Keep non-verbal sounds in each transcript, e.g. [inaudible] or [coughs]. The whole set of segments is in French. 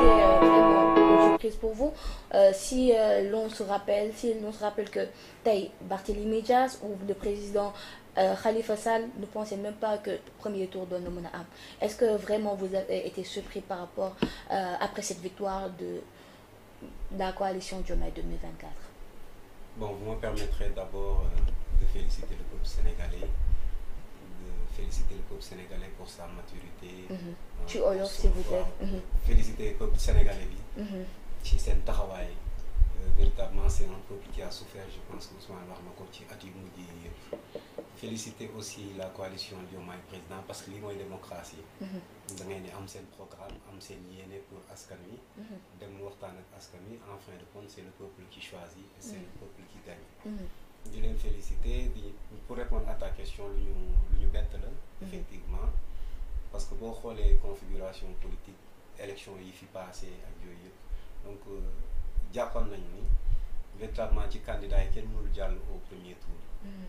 vraiment euh, surprise pour vous. Euh, si euh, l'on se rappelle, si l'on se rappelle que Tay Barthélémy Diaz ou le président Khalifa Sall ne pensait même pas que premier tour de Nomona Est-ce que vraiment vous avez été surpris par rapport, après cette victoire de la coalition du mai 2024 Bon, vous me permettrez d'abord de féliciter le peuple sénégalais féliciter le peuple sénégalais pour sa maturité. ci mhm. euh, olof s'il vous plaît. Mhm. féliciter peuple sénégalais C'est un travail. véritablement c'est un peuple qui a souffert je pense que Ousmane wax un ko féliciter aussi la coalition du président parce que li est démocratie mhm. da ngay un am programme am pour Askami. dem en fin de compte c'est le peuple qui choisit et c'est le peuple qui gagne je vais félicité féliciter pour répondre à ta question l'union bête lu mm-hmm. effectivement parce que boo les configurations politiques, l'élection yi fi passé ak yooyu donc euh, jàppoon nañu ni véritablement ci candidat yi kenn au premier tour mm-hmm.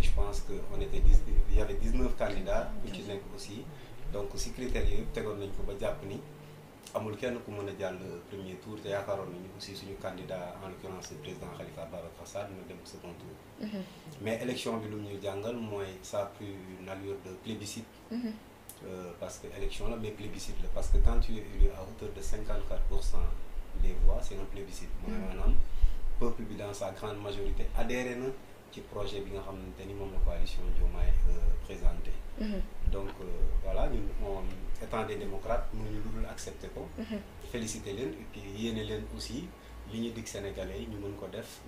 je pense qu'il était il y avait 19 candidats. qui aussi donc si critères peut-être amul premier tour il y aussi un candidat en l'occurrence le président Khalifa Ababacar nous dina le second tour. Mhm. mais l'élection bi ça a pris une allure de plébiscite. Mhm. Euh, parce que élection là, mais plébiscite parce que quand tu es à hauteur de 54% des voix, c'est un plébiscite. Le mhm. peuple, dans sa grande majorité, adhère ce projet bien nga ni la coalition euh, présenté. Mhm. donc euh, voilà nous étant des démocrates nous ne dul accepter ko. Mhm. féliciter leen et puis aussi li ñu sénégalais mhm. nous ñu def.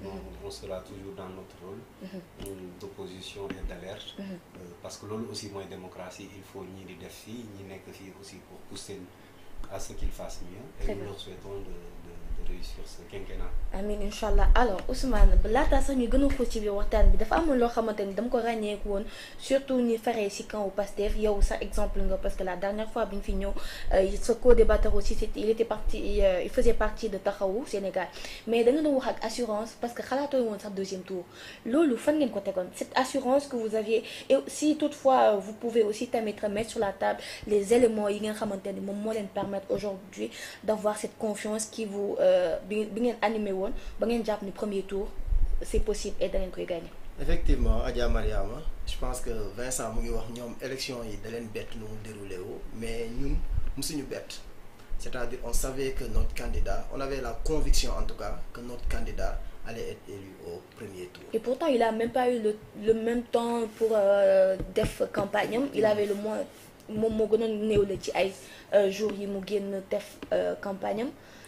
on sera toujours dans notre rôle. d'opposition et d'alerte. Euh, parce que l'on aussi moins démocratie il faut ni les def ni ñi aussi pour pousser à ce qu'ils fassent mieux. et nous leur souhaitons de réussir ce quinquennat. amin incha allah alors Ousmane laataa sax ñu gën a xóot ci bi waxtaan bi dafa am lo xamante dama ko ko won surtout ni faré ci camp pasteur yow sax exemple nga parce que la dernière fois biñ fi ñëw ce euh, co-débatteur aussi il était parti euh, il faisait partie de Taxawu Sénégal mais da nga doon wax ak assurance parce que xalaatoo won sax deuxième tour lolu fan ngeen ko tégon cette assurance que vous aviez et si toutefois euh, vous pouvez aussi ta mettre sur la table les éléments yi nga xamante mom mo moo leen permettre aujourd'hui d'avoir cette confiance qui vous euh, bi bi animé won ba ngeen japp ni premier tour c'est possible et da ngeen koy gagné. effectivement Adja Mariama je pense que Vincent mu ngi wax ñom élection yi da leen bête nu déroulé wu mais ñun musuñu bête. c'est-à-dire on savait que notre candidat on avait la conviction en tout cas que notre candidat allait être élu au premier tour. Et pourtant, il n'a même pas eu le, même temps pour euh, def campagne. Il avait le moins, mon mon gonne néolithique, jour il genn def euh, campagne.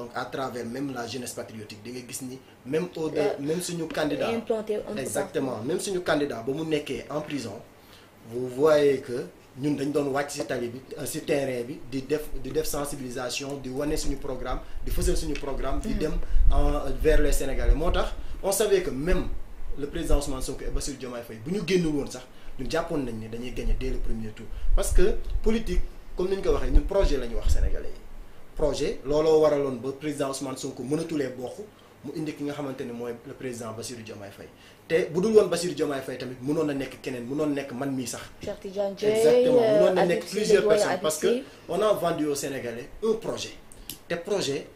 donc à travers même la jeunesse patriotique de ngay même au de euh, même nous candidat exactement même si candidat candidats mu nekkee en prison vous voyez que nous dañ doon wàcc ci bi euh, ci terrain bi di def di def sensibilisation di wane suñu programme di fësal suñu programme di mm. dem vers le Sénégalais on savait que même le président Ousmane Sonko et Bassirou Diomaye Faye bu ñu génnul woon sax ñu Japon nañ ni dañuy gagner dès le premier tour parce que politique comme nous ñu projet la wax sénégalais projet lolo waralon ba président Ousmane Sonko mënatulee bokk mu indi ki nga xamante moy le président Bassirou Diomaye Faye té budul won Bassirou Diomaye Faye tamit mënoon na nekk keneen mënoon nekk man mi sax. exactement mënoon na euh, nek plusieurs personnes parce que on a vendu au Sénégalais un projet té projet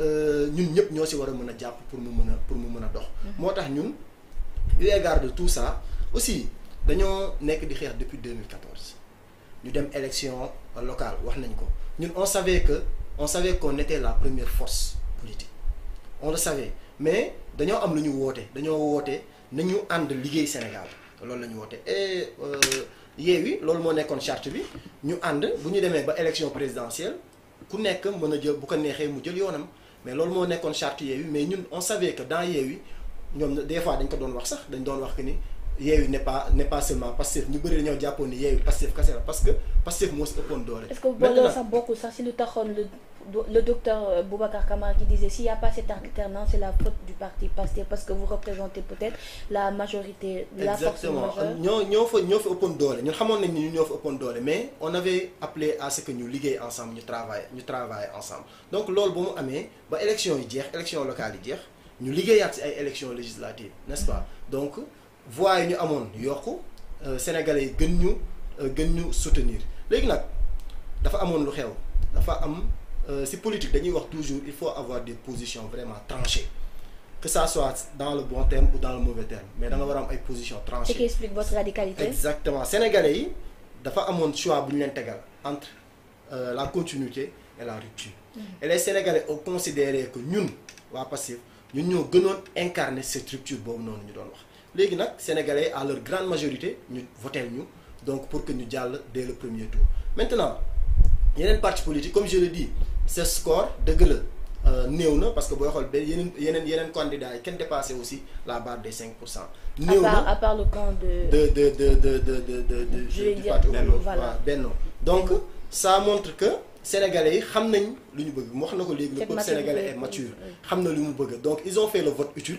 euh ñun ñëpp ñoo si war a mën pour mu mëna pour mu mëna dox. Mm-hmm. motax ñun eu égard de tout ça aussi dañoo nek di xeex depuis 2014 ñu dem élection locale wax nañ ko ñun on savait que on savait qu'on était la première force politique on le savait mais avons am nous avons voté. Nous avons voté. Nous Sénégal Nous avons voté et euh, Yewwi loolu moo charte bi ñu Nous avons présidentielle ku nekk Nous jël bu mais charte mais nous on savait que dans des fois dañ ko de wax n'est pas n'est pas seulement passif ñu bëri dañoo Japon ni yeewu Pastef que parce que Pastef moo si est-ce que loolu sax bokkul sax si lu taxoon le le docteur euh, Boubacar Camara qui disait s'il n'y a pas cette alternance c'est la faute du parti passé parce que vous représentez peut-être la majorité. la force exactement ñoo ñoo fa ñoo fa nous doole ñun xamoon nañ mais on avait appelé à ce que nous liggéey ensemble nous travailler ñu travailler ensemble donc loolu ba mu amee ba élection yi élection locale yi Nous ñu à l'élection ay élections législatives n'est-ce pas donc voix yi ñu amoon yokku euh, sénégalais yi gën ñu euh, gën ñu soutenir léegi nag dafa amoon lu xew dafa am si euh, politique dañuy toujours il faut avoir des positions vraiment tranchées que ça soit dans le bon terme ou dans le mauvais terme mais da nga war am ay positions tranchées. ce qui explique votre radicalité. exactement sénégalais yi dafa amoon choix bu entre la continuité et la rupture. Mm. et les sénégalais ont considéré que nous, waa passif ñun ñoo gënoon incarner cette rupture les nag sénégalais à leur grande majorité Nous voté ñu donc pour que ñu jàll dès le premier tour maintenant il y a une parti politique comme je le dis ce score dëgg la euh, néew na parce que booy xool il y a un candidat qui a dépassé aussi la barre des 5 pour cent. à part le camp de. de de de de de de de. je vais dire Benno Benno donc ça montre que sénégalais savent ce qu'ils lu ñu bëgg wax le peuple sénégalais est mature. Ils savent lu mu bëgg donc ils ont fait le vote utile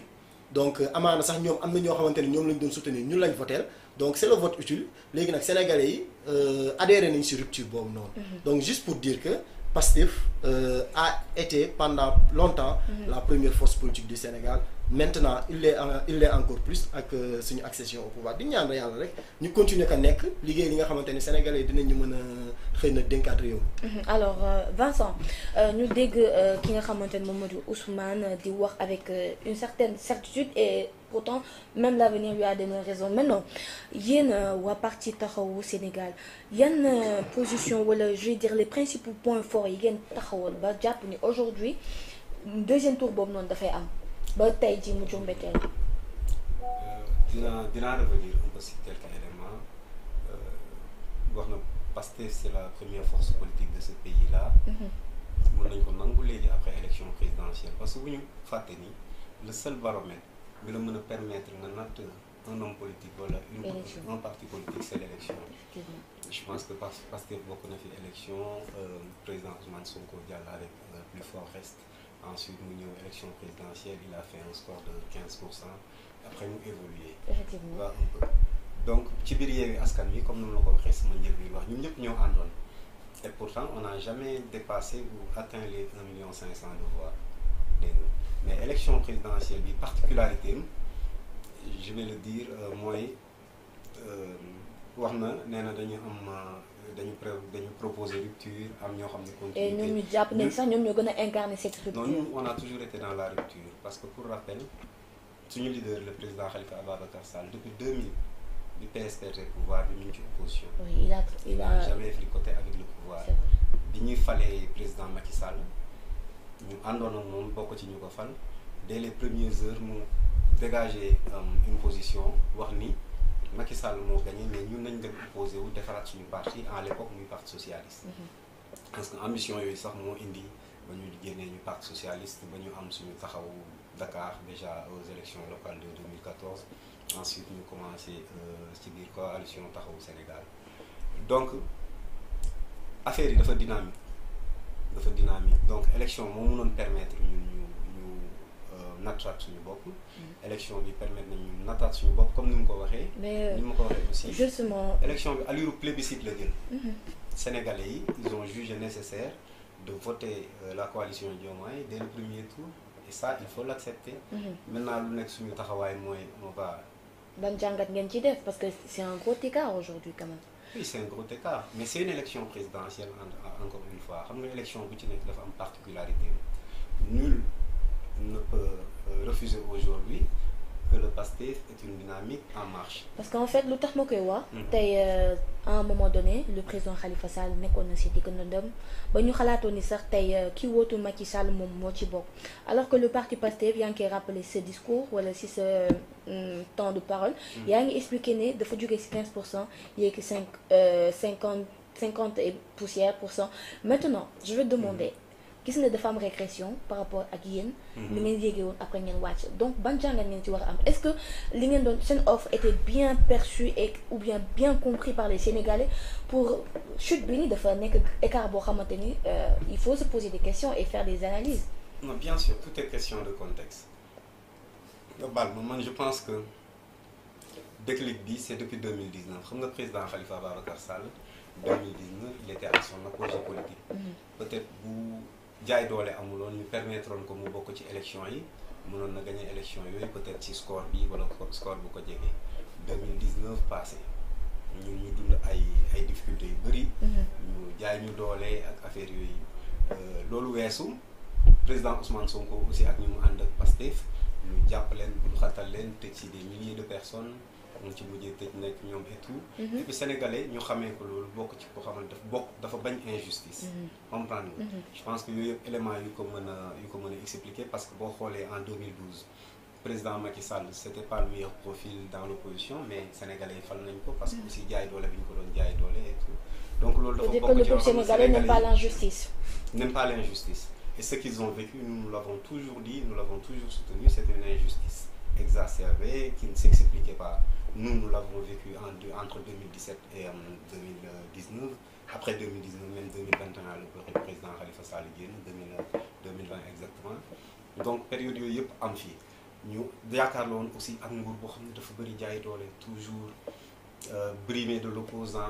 donc euh, amana sax ñom amna ño xamanteni ñom lañ doon soutenir ñun lañ voter donc c'est le vote utile légui nak sénégalais yi euh, adhéré nañ ci rupture mhm. donc juste pour dire que Pastif euh, a été pendant longtemps. Mhm. la première force politique du Sénégal maintenant il l'est encore plus avec euh, son accession au pouvoir di ñaan à rek ñu continuer ka nekk liggéey li nga xamante sénégalais dinañ ñu mëna xëy na mhm. alors euh, Vincent euh, ñu dégg ki nga avons Mamadou Ousmane di wax avec une certaine certitude et pourtant même l'avenir lui a donné raison maintenant a une parti au Sénégal une position wala je veux dire les principaux points forts sont ngeen taxawal ba japp ni aujourd'hui deuxième tour non da fay am ba tey ji mu jumbateel. dina dinaa revenir un peu si quelques éléments wax na c'est la première force politique de ce pays là. mën nañ ko nangu léegi après élection présidentielle parce que bu ñu ni le seul baromètre bi la mën a permettre nga un homme politique wala une un parti politique c'est l'élection je pense que parce que bokk na fi élection président Ousmane Sonko jàll avec plus fort reste Ensuite, nous avons élection présidentielle, il a fait un score de 15%. Après, nous évoluer. Effectivement. donc, ci et Yewwi comme nous l'avons la nous Nous eu bi et pourtant on n'a jamais dépassé ou atteint les 1,5 million de voix mais l'élection présidentielle la particularité je vais le dire moi, moi, nous un na dañu dañu proposer rupture am ñoo xam continuité. et ñoom ñu japp né sax ñoom ñoo gëna incarner cette rupture. non on a toujours été dans la rupture parce que pour rappel suñu leader le président Khalifa Ababacar Sall depuis 2000 bi PSPG pouvoir bi pouvoir, ngi ci opposition. oui il a il a jamais fricoté avec le pouvoir. bi ñuy falé président Macky Sall ñu àndoon ak moom bokk ci ñu ko fal dès les premières heures mu dégagé euh, une position wax ni. Macky Sall a gagné mais ñun nañ proposé posé wu défarat suñu parti à l'époque du parti socialiste. Mhm. parce que ambition yooyu sax mo indi ba ñu ñu parti socialiste ba ñu am suñu taxaw Dakar déjà aux élections locales de 2014 ensuite nous ñu commencé euh, ci biir coalition au Sénégal donc affaire yi dafa dynamique dafa dynamique donc élection mo nous permettre ñun ñu nattaat suñu bopp. Mm-hmm. élection bi permettre comme nous avons. ko waxé ni mu aussi euh, justement élection bi allure plébiscite la mm-hmm. Sénégalais ils ont jugé nécessaire de voter euh, la coalition Diomaye dès le premier tour et ça il faut l'accepter mm-hmm. maintenant lu nekk suñu on va. ban jangat ngeen ci def parce que c'est un gros écart aujourd'hui quand même. oui c'est un gros écart mais c'est une élection présidentielle encore une fois une élection bu ci particularité nul ne peut euh, refuser aujourd'hui que le PASTEF est une dynamique en marche. parce qu'en fait le mhm. terme euh, à un moment donné le président Khalifa Sall a cité si diggandam ba ñu nous sax tey euh, ki wootu Macky Sall moom alors que le parti PASTEF vient qui rappeler rappelé ce discours wala si ce temps de parole. il mhm. a expliqué que de jógee 15 il est que que 50 et poussière pour cent maintenant je vais demander gis sont des am régression par rapport à yéen li mhm. ngeen yéegee woon après ngeen wàcc donc ban jàngat ngeen ci am est-ce que li était bien perçue ou bien bien compris par les Sénégalais pour chute bi de dafa nekk écart boo euh, il faut se poser des questions et faire des analyses non bien sûr tout est question de contexte global je pense que déclic bi c'est depuis 2019 Le nga président Khalifa Babacar en 2019 il était à son apogée politique mhm. peut-être bu jaay doole amuloon ñu permettre ko mu bokk ci élection yi mënoon na gagné élection yooyu peut-être ci score bi wala score bu ko jege 2019 passé nous ñu dund ay ay difficultés yu bëri. Mhm. ñu jaay ñu doole ak affaire yooyu. Euh, loolu président Ousmane Sonko aussi ak ñu mu ànd ak Pastef ñu jàpp leen bu ci des milliers de personnes ñu ci mujjee et tout. Mhm. et puis sénégalais ñu xamee ko loolu bokk ci koo xamante dafa dafa bañ injustice. Mhm. Mhm. je pense que yooyu un élément yu ko a yu ko expliquer parce que boo xoolee en 2012. président Macky Sall c'était pas le meilleur profil dans l'opposition mais sénégalais yi fal ko parce que c'est jaay Dolé, bi ñu ko doon jaay doole et tout donc loolu dafa ci le peuple sénégalais n'aime pas l'injustice n'aime pas l'injustice et ce qu'ils ont vécu nous nous l'avons toujours dit nous l'avons toujours soutenu c'était une injustice exacerbée qui ne s'expliquait pas nous, nous l'avons vécu entre 2017 et 2019. Euh, Après 2019, même 2021, le président Khalifa Sall 2020 exactement donc période où Yop am Nous, ñu yaakaarloo woon aussi ak nguur nous avons dafa toujours euh, brimé de l'opposant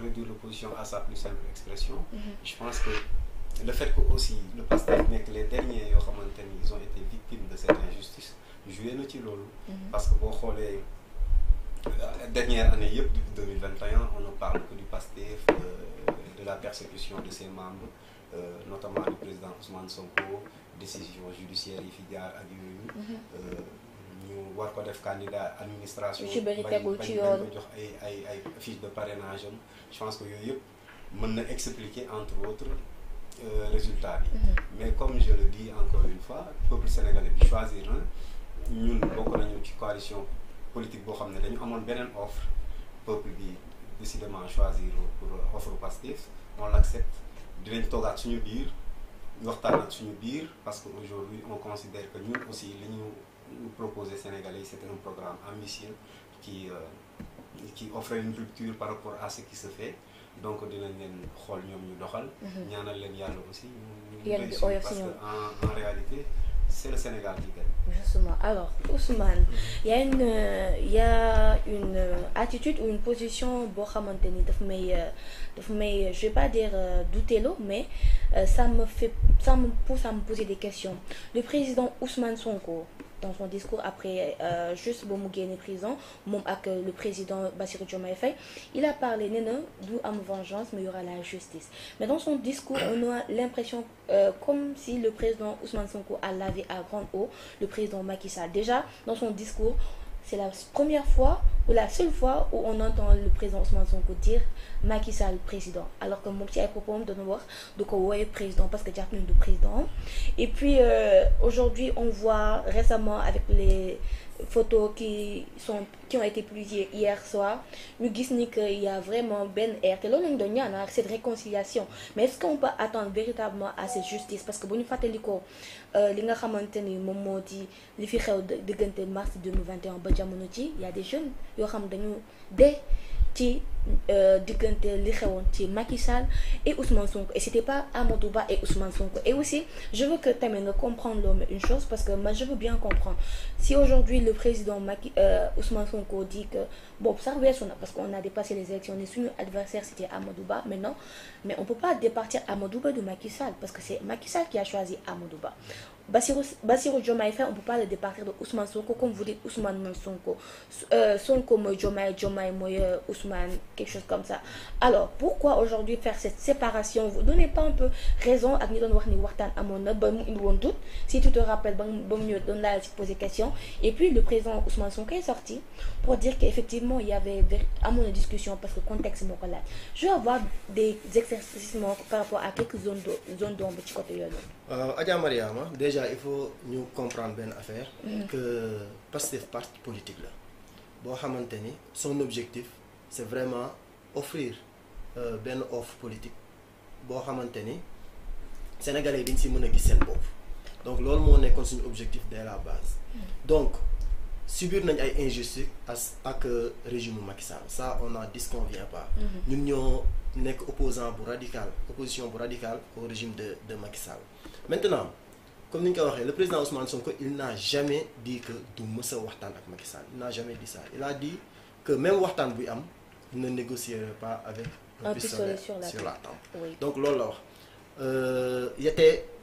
réduit l'opposition à sa plus simple expression mm-hmm. je pense que le fait que aussi le passé que les derniers ils ont été victimes de cette injustice jouer notre ci mm-hmm. parce que boo dernière année depuis 2021 on ne parle que du PASTEF euh, de, la persécution de ses membres euh, notamment du président Ousmane Sonko décision judiciaire judiciaires, fi à ak Nous mhm. euh, ñu war ko candidat administration l'administration, de parrainage je pense que nous avons expliqué entre autres euh, résultat mhm. mais comme je le dis encore une fois le peuple sénégalais peut choisir nous ñun une nañu coalition politique boo xam dañu offre peuple décidément choisir pour euh, au on l'accepte parce qu'aujourd'hui on considère que nous aussi li nous Sénégalais c'était un programme ambitieux qui euh, qui offrait une rupture par rapport à ce qui se fait donc dinañ réalité c'est le Sénégal qui gagne. Justement. Alors, Ousmane, mhm. il y a une, une attitude ou une position, mais je vais pas dire euh, douter l'eau, mais euh, ça me fait, ça me pousse à me poser des questions. Le président Ousmane Sonko, dans son discours après euh, juste bon mu prison mon ak euh, le président Bassirou Diomaye Faye il a parlé nee d'où à vengeance mais y aura la justice mais dans son discours on a l'impression euh, comme si le président Ousmane Sonko a lavé à grande eau le président Macky Sall déjà dans son discours c'est la première fois ou la seule fois où on entend le président Ousmane Sonko dire Macky Sall président alors que mon petit proposé propos nous nous voir du ko wooye président parce que j'ai nañu de président et puis euh, aujourd'hui on voit récemment avec les photos qui sont qui ont été publiées hier soir nous gis qu'il il y a vraiment Ben air te l'on donné un accès de cette réconciliation mais est-ce qu'on peut attendre véritablement à cette justice parce que bu ñu fàttalikoo euh, li nga xamante ni moom di li fi xew de mars 2021 ba jamono ci il y a des jeunes yo xam dañu dé qui euh, dit li xewon ci Macky Sall et Ousmane Sonko et c'était pas Amadou et Ousmane Sonko et aussi je veux que tu nga comprendre une chose parce que moi je veux bien comprendre si aujourd'hui le président Macky euh, Ousmane Sonko dit que bon ça sur nous parce qu'on a dépassé les élections et son adversaire c'était Amadou Ba maintenant mais on peut pas départir Amadou de Macky Sall parce que c'est Macky Sall qui a choisi Amadou Bassirou, Bassirou Diomaye Faye, on peut pas le départir de Ousmane Sonko, comme vous dites Ousmane Sonko. Sonko Moïse Diomaye, Diomaye Moïse Ousmane, quelque chose comme ça. Alors, pourquoi aujourd'hui faire cette séparation Vous ne donnez pas un peu raison à Nidon Warni Wartan à mon doute. Si tu te rappelles, bon mieux, donne la poser question. Et puis, le président Ousmane Sonko est sorti pour dire qu'effectivement, il y avait à mon discussion parce que contexte est là. Je vais avoir des exercices par rapport à quelques zones d'ombre du côté euh, de l'autre. déjà, il faut nous comprendre à affaire. Mm. que parce que parti politique là, bon son objectif c'est vraiment offrir une euh, offre politique bon xamante sénégalais yi qui si pauvre donc loolu on est suñu objectif dès la base. Mm. donc subir nañ ay pas que euh, régime maximal ça on n'en disconvient pas. Mm-hmm. ñun ñoo qu'opposant opposant bu radical opposition pour radical au régime de de Macky Sall maintenant comme nous l'avons dit, le président Ousmane Sonko il n'a jamais dit que du mës Macky Sall il n'a jamais dit ça il a dit que même waxtaan ne négocierait pas avec un pistolet sur la, sur la donc euh, il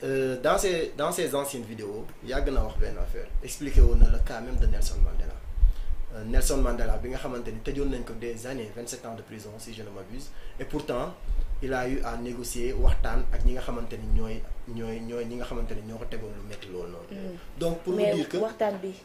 euh, dans ses dans ses anciennes vidéos il y a une affaire faire. expliquez le cas même de Nelson Mandela euh, Nelson Mandela a nga de des années 27 ans de prison si je ne m'abuse et pourtant il a eu à négocier waxtaan ak ñi nga xamanteni ni ñoy ñoy ñi nga xamanteni ni ñoo ko lu métti loolu mm. donc pour vous dire que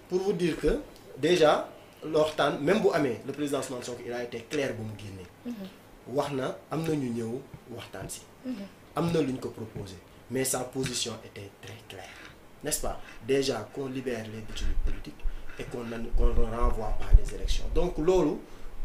pour vous dire que déjà waxtaan même bu amé le président Ousmane Sonko il a été clair bu mu guiné, mm-hmm. waxna na ñu ñëw waxtaan ci mm-hmm. amna luñ ko proposé mais sa position était très claire n'est-ce pas déjà qu'on libère les détenus politiques et qu'on ne qu'on renvoie pas les élections donc loolu.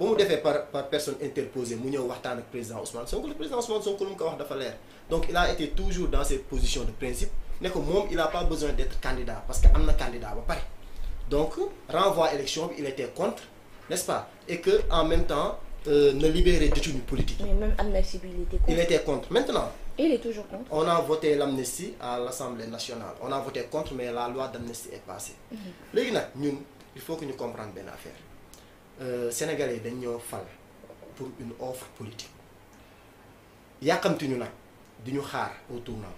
par personne interposée président Ousmane le président Ousmane Sonko donc il a été toujours dans cette position de principe mais il a pas besoin d'être candidat parce qu'il est un candidat donc renvoi élection l'élection, il était contre nest ce pas et que en même temps euh, ne libérer une politique. mais même il était contre maintenant. il est toujours contre. on a voté l'amnistie à l'Assemblée nationale on a voté contre mais la loi d'Amnesty est passée. Mhm. il faut que nous comprenions bien affaire. Euh, sénégalais dañ ñoo fal pour une offre politique yàqamti ñu nag di xaar au tournant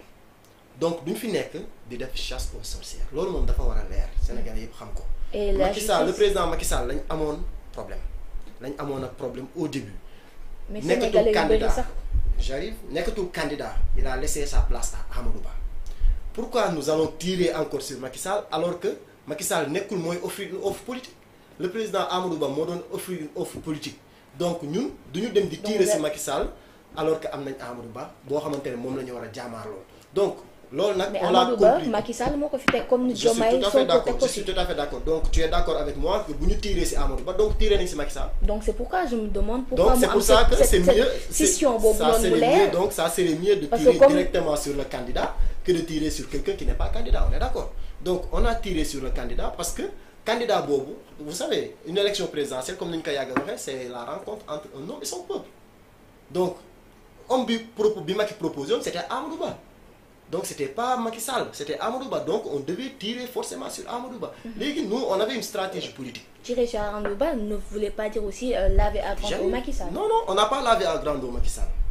donc duñ fi nekk di def chasse aux sorcières loolu moom dafa war a leer sénégalais yëpp xam ko. Macky Sall le président Macky Sall lañ amoon problème lañ amoon ak problème au début. mais sénégalais candidat j'arrive nekkatul candidat il a laissé sa place à Amadou Ba pourquoi nous allons tirer encore sur Macky Sall alors que Macky Sall nekkul mooy offrir une offre politique le président Amadou Ba m'a une offre politique donc nous, nous devons tirer sur Macky alors que am Amadou Ba boo xamante ne la ñu donc on l'a compris Macky Sall fi comme nous, je suis tout à fait d'accord donc tu es d'accord avec moi que nous tirer sur Amadou donc tirer sur donc c'est pourquoi je me demande pourquoi donc c'est pour ça que c'est mieux Si donc ça serait mieux de tirer directement sur le candidat que de tirer sur quelqu'un qui n'est pas candidat on est d'accord donc on a tiré sur le candidat parce que candidat bobo vous savez une élection présidentielle comme une c'est c'est la rencontre entre un homme et son peuple donc on bi proposait bi Macky proposé donc ce n'était pas Macky c'était c'était donc on devait tirer forcément sur Amadou mhm. nous on avait une stratégie politique. tirer sur Amadou ne voulait pas dire aussi euh, laver à grand Macky non non on n'a pas lavé à grand Macky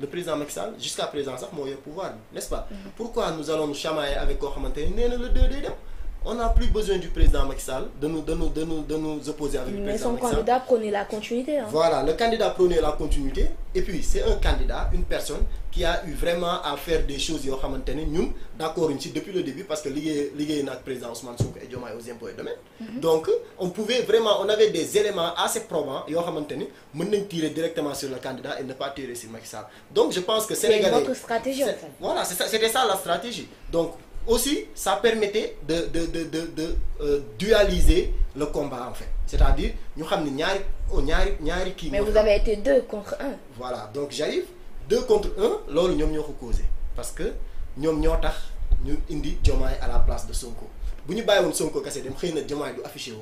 le président Macky jusqu'à présent ça eu le pouvoir n'est-ce pas. Mm-hmm. pourquoi nous allons nous chamailler avec Koch xamante le 2 on n'a plus besoin du président Macky Sall de nous, de nous, de nous, de nous opposer avec Mais le président son Macky Sall. candidat prenait la continuité. Hein. Voilà, le candidat prenait la continuité. Et puis, c'est un candidat, une personne qui a eu vraiment à faire des choses. Nous, d'accord, depuis le début, parce que l'IGE notre président Ousmane Souk et Diomaye aux impôts et domaines. Mhm. Donc, on pouvait vraiment, on avait des éléments assez probants. Nous tirer directement sur le candidat et ne pas tirer sur Macky Sall. Donc, je pense que Sénégalais. C'est notre stratégie, Voilà, c'était ça la stratégie. Donc, aussi, ça permettait de, euh, dualiser le combat, en fait. C'est-à-dire, nous oh, savons Mais vous avez été deux contre un. Voilà, donc j'arrive, deux contre un, lors nous avons causé. Parce que nous avons indi à la place de Sonko. Si nous avons Sonko, affiché.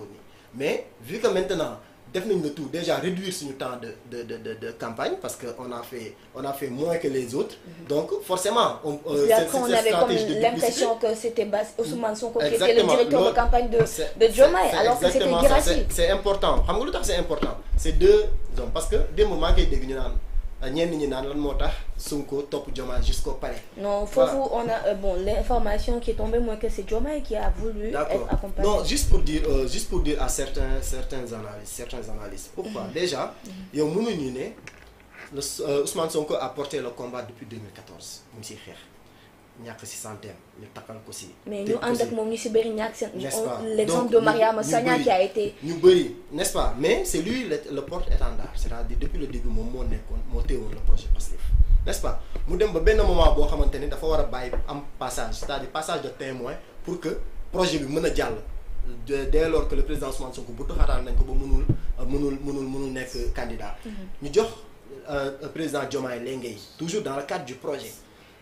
Mais vu que maintenant, def le tout déjà réduire son temps de de de de campagne parce qu'on a fait a fait moins que les autres. Mm-hmm. donc forcément on. Euh, cette, on avait l'impression que c'était bas Ousmane Sonko qui était le directeur de campagne de de alors que c'était Guirassy. C'est important c'est important c'est deux hommes parce que le moments qui est devenu ñenn ñi lan Sonko jusqu'au palais. non faut vous, on a euh, bon l'information qui est tombée moins que c'est Joma qui a voulu. être accompagné non juste pour dire euh, juste pour dire à certains certains analystes certains analystes. pourquoi mm -hmm. déjà. Mhm. yow mënuñu ne le euh, Ousmane Sonko a porté le combat depuis 2014 monsieur ngi mais nous, en ak que ñu si bëri l'exemple de Mariam Sagna qui a été. n'est-ce pas mais c'est lui le le porte-étendard c'est-à-dire depuis le début mon moo nekkoon le projet n'est-ce pas mu dem ba un moment où il ni dafa passage c'est-à-dire passage de témoin pour que projet bi mën dès lors que le président Ousmane Sonko bu taxataan nañ ko candidat. mënul mënul mënul mënul candidat. Mhm. Euh, euh, président Diomaye Lengue toujours dans le cadre du projet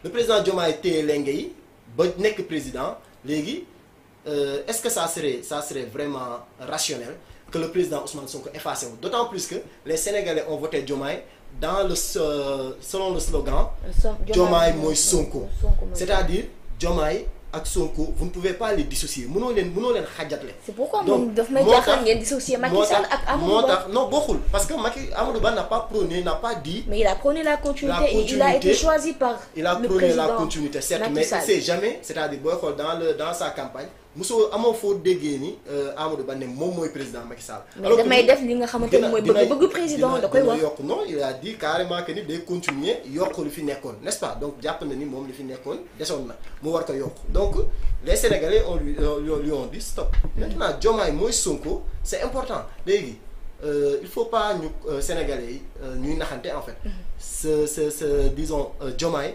le président Diomaye était lenge ba président euh, est-ce que ça serait ça serait vraiment rationnel que le président Ousmane Sonko efface d'autant plus que les Sénégalais ont voté Jomai dans le euh, selon le slogan Jomai Moisonko. c'est-à-dire Jomai vous ne pouvez pas les dissocier c'est pourquoi vous ne pouvez pas les dissocier Sall Amadou non parce que Macky Amadou n'a pas prôné n'a pas dit. mais il a prôné la continuité et il a été choisi par. il a prôné la continuité certes mais il sait jamais c'est-à-dire dans dans sa campagne. Muso, amoo foo déggee ni euh, Amadou Ba ne moom mooy président Macky Sall. alors damay def li nga xamante ni mooy bëgg bëgg président da koy wax non il a dit carrément que ni day continuer yokk lu fi nekkoon n'est-ce pas donc jàpp na ni moom li fi nekkoon desoon na mu war ko yokk donc les Sénégalais on lui lui ont dit stop. maintenant Diomaye mooy Sonko c'est important léegi euh, il faut pas ñu euh, Sénégalais yi ñuy naxante en fait. Mm-hmm. ce ce ce disons Diomaye.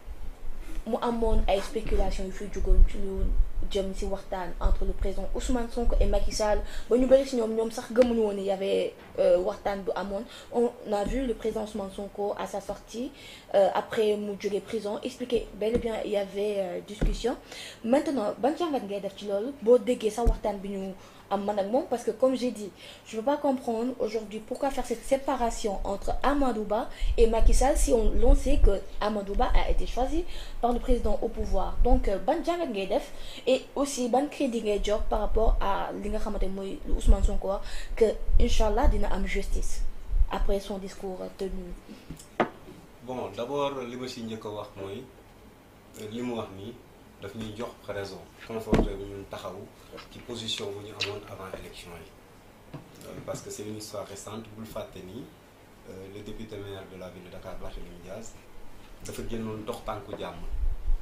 mu amoon ay spéculation yu fi jugoon ci ñu jëm ci waxtaan entre le président Ousmane Sonko et Macky Sall ba ñu bëri ci ñoom ñoom sax gëmuñu woon y avait euh, waxtaan bu amoon on a vu le président Ousmane Sonko à sa sortie euh, après mu jóge prison expliquer bel et bien il y avait euh, discussion maintenant ban jàngat ngay def ci loolu boo déggee sa waxtaan bi ñu parce que comme j'ai dit je ne veux pas comprendre aujourd'hui pourquoi faire cette séparation entre Amadouba et Macky si on l'on sait que Amadouba a été choisi par le président au pouvoir donc euh, ban et aussi ban crédit par rapport à li nga xamante Ousmane Sonko que inshallah dina justice après son discours tenu. bon d'abord les ma wax euh, daf ñuy jox raison conforté nous position avant l'élection. Euh, parce que c'est une histoire récente euh, le député maire de la ville de Dakar a dafa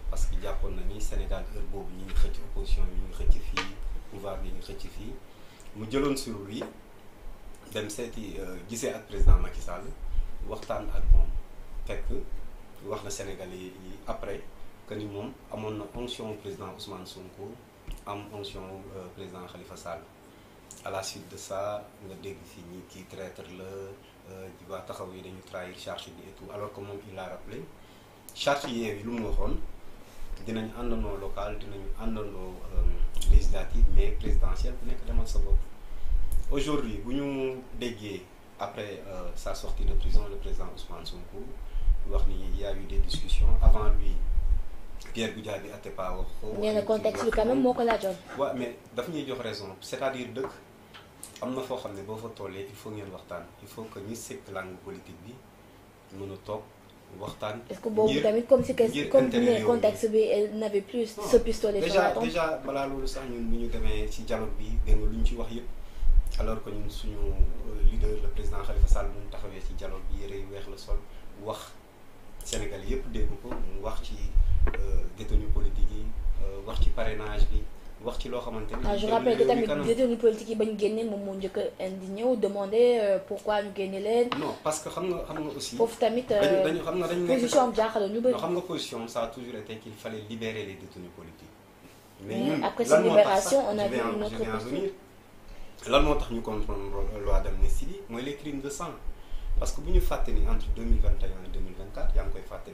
parce que jàppoon Sénégal heure opposition pouvoir ñu sur lui dem euh, ak président Macky Sall ak wax na Sénégalais après que ni une fonction na président Ousmane Sonko am onction euh, président Khalifa Sall à la suite de ça nga avons défini qui traite traître la euh, waa taxaw yi dañu trahir charte et tout alors que il a rappelé charte est yi lu mu waxoon dinañ àndandoo local un àndandoo euh, législatif, mais présidentiel, un aujourd'hui nous avons dégagé après sa sortie de prison le président Ousmane Sonko il y a eu des discussions avant lui Pierre Goudiaby atte pas wax ko na contexte bi quand même moo ko laajoon waaw mais daf ñuy jox raison c'est-à-dire deuk amna fo foo xam ne fa tollé il faut ngeen waxtaan il faut que ñi sék langue politique bi mëna a waxtaan est-ce que bobu tamit comme si que comme ne contexte bi euh, n'avait plus ce pistolet déjà déjà balaa loolu sax ñun ñu démé ci dialogue bi dégg luñ ci wax yépp alors que ñun suñu euh, leader le président Khalifa Sall mu taxawé ci dialogue bi réy wéx weex la sol wax Sénégal yépp dégg ko mu wax ci euh, détenus politiques, le euh, wax parrainage bi wax ci ah, je rappelle que tamit détenus politiques, yi ba qui génne moom moo monde indi ñëw demander euh, pourquoi nous gagnons leen. non parce que nous avons aussi. foofu tamit dañu position ñu position ça a toujours été qu'il fallait libérer les détenus politiques. mais après cette libération on a vu notre posture lan moo tax contre la loi d'amnistie mais les crimes de sang parce que nous avons fait ni entre 2021 et 2024, il y a encore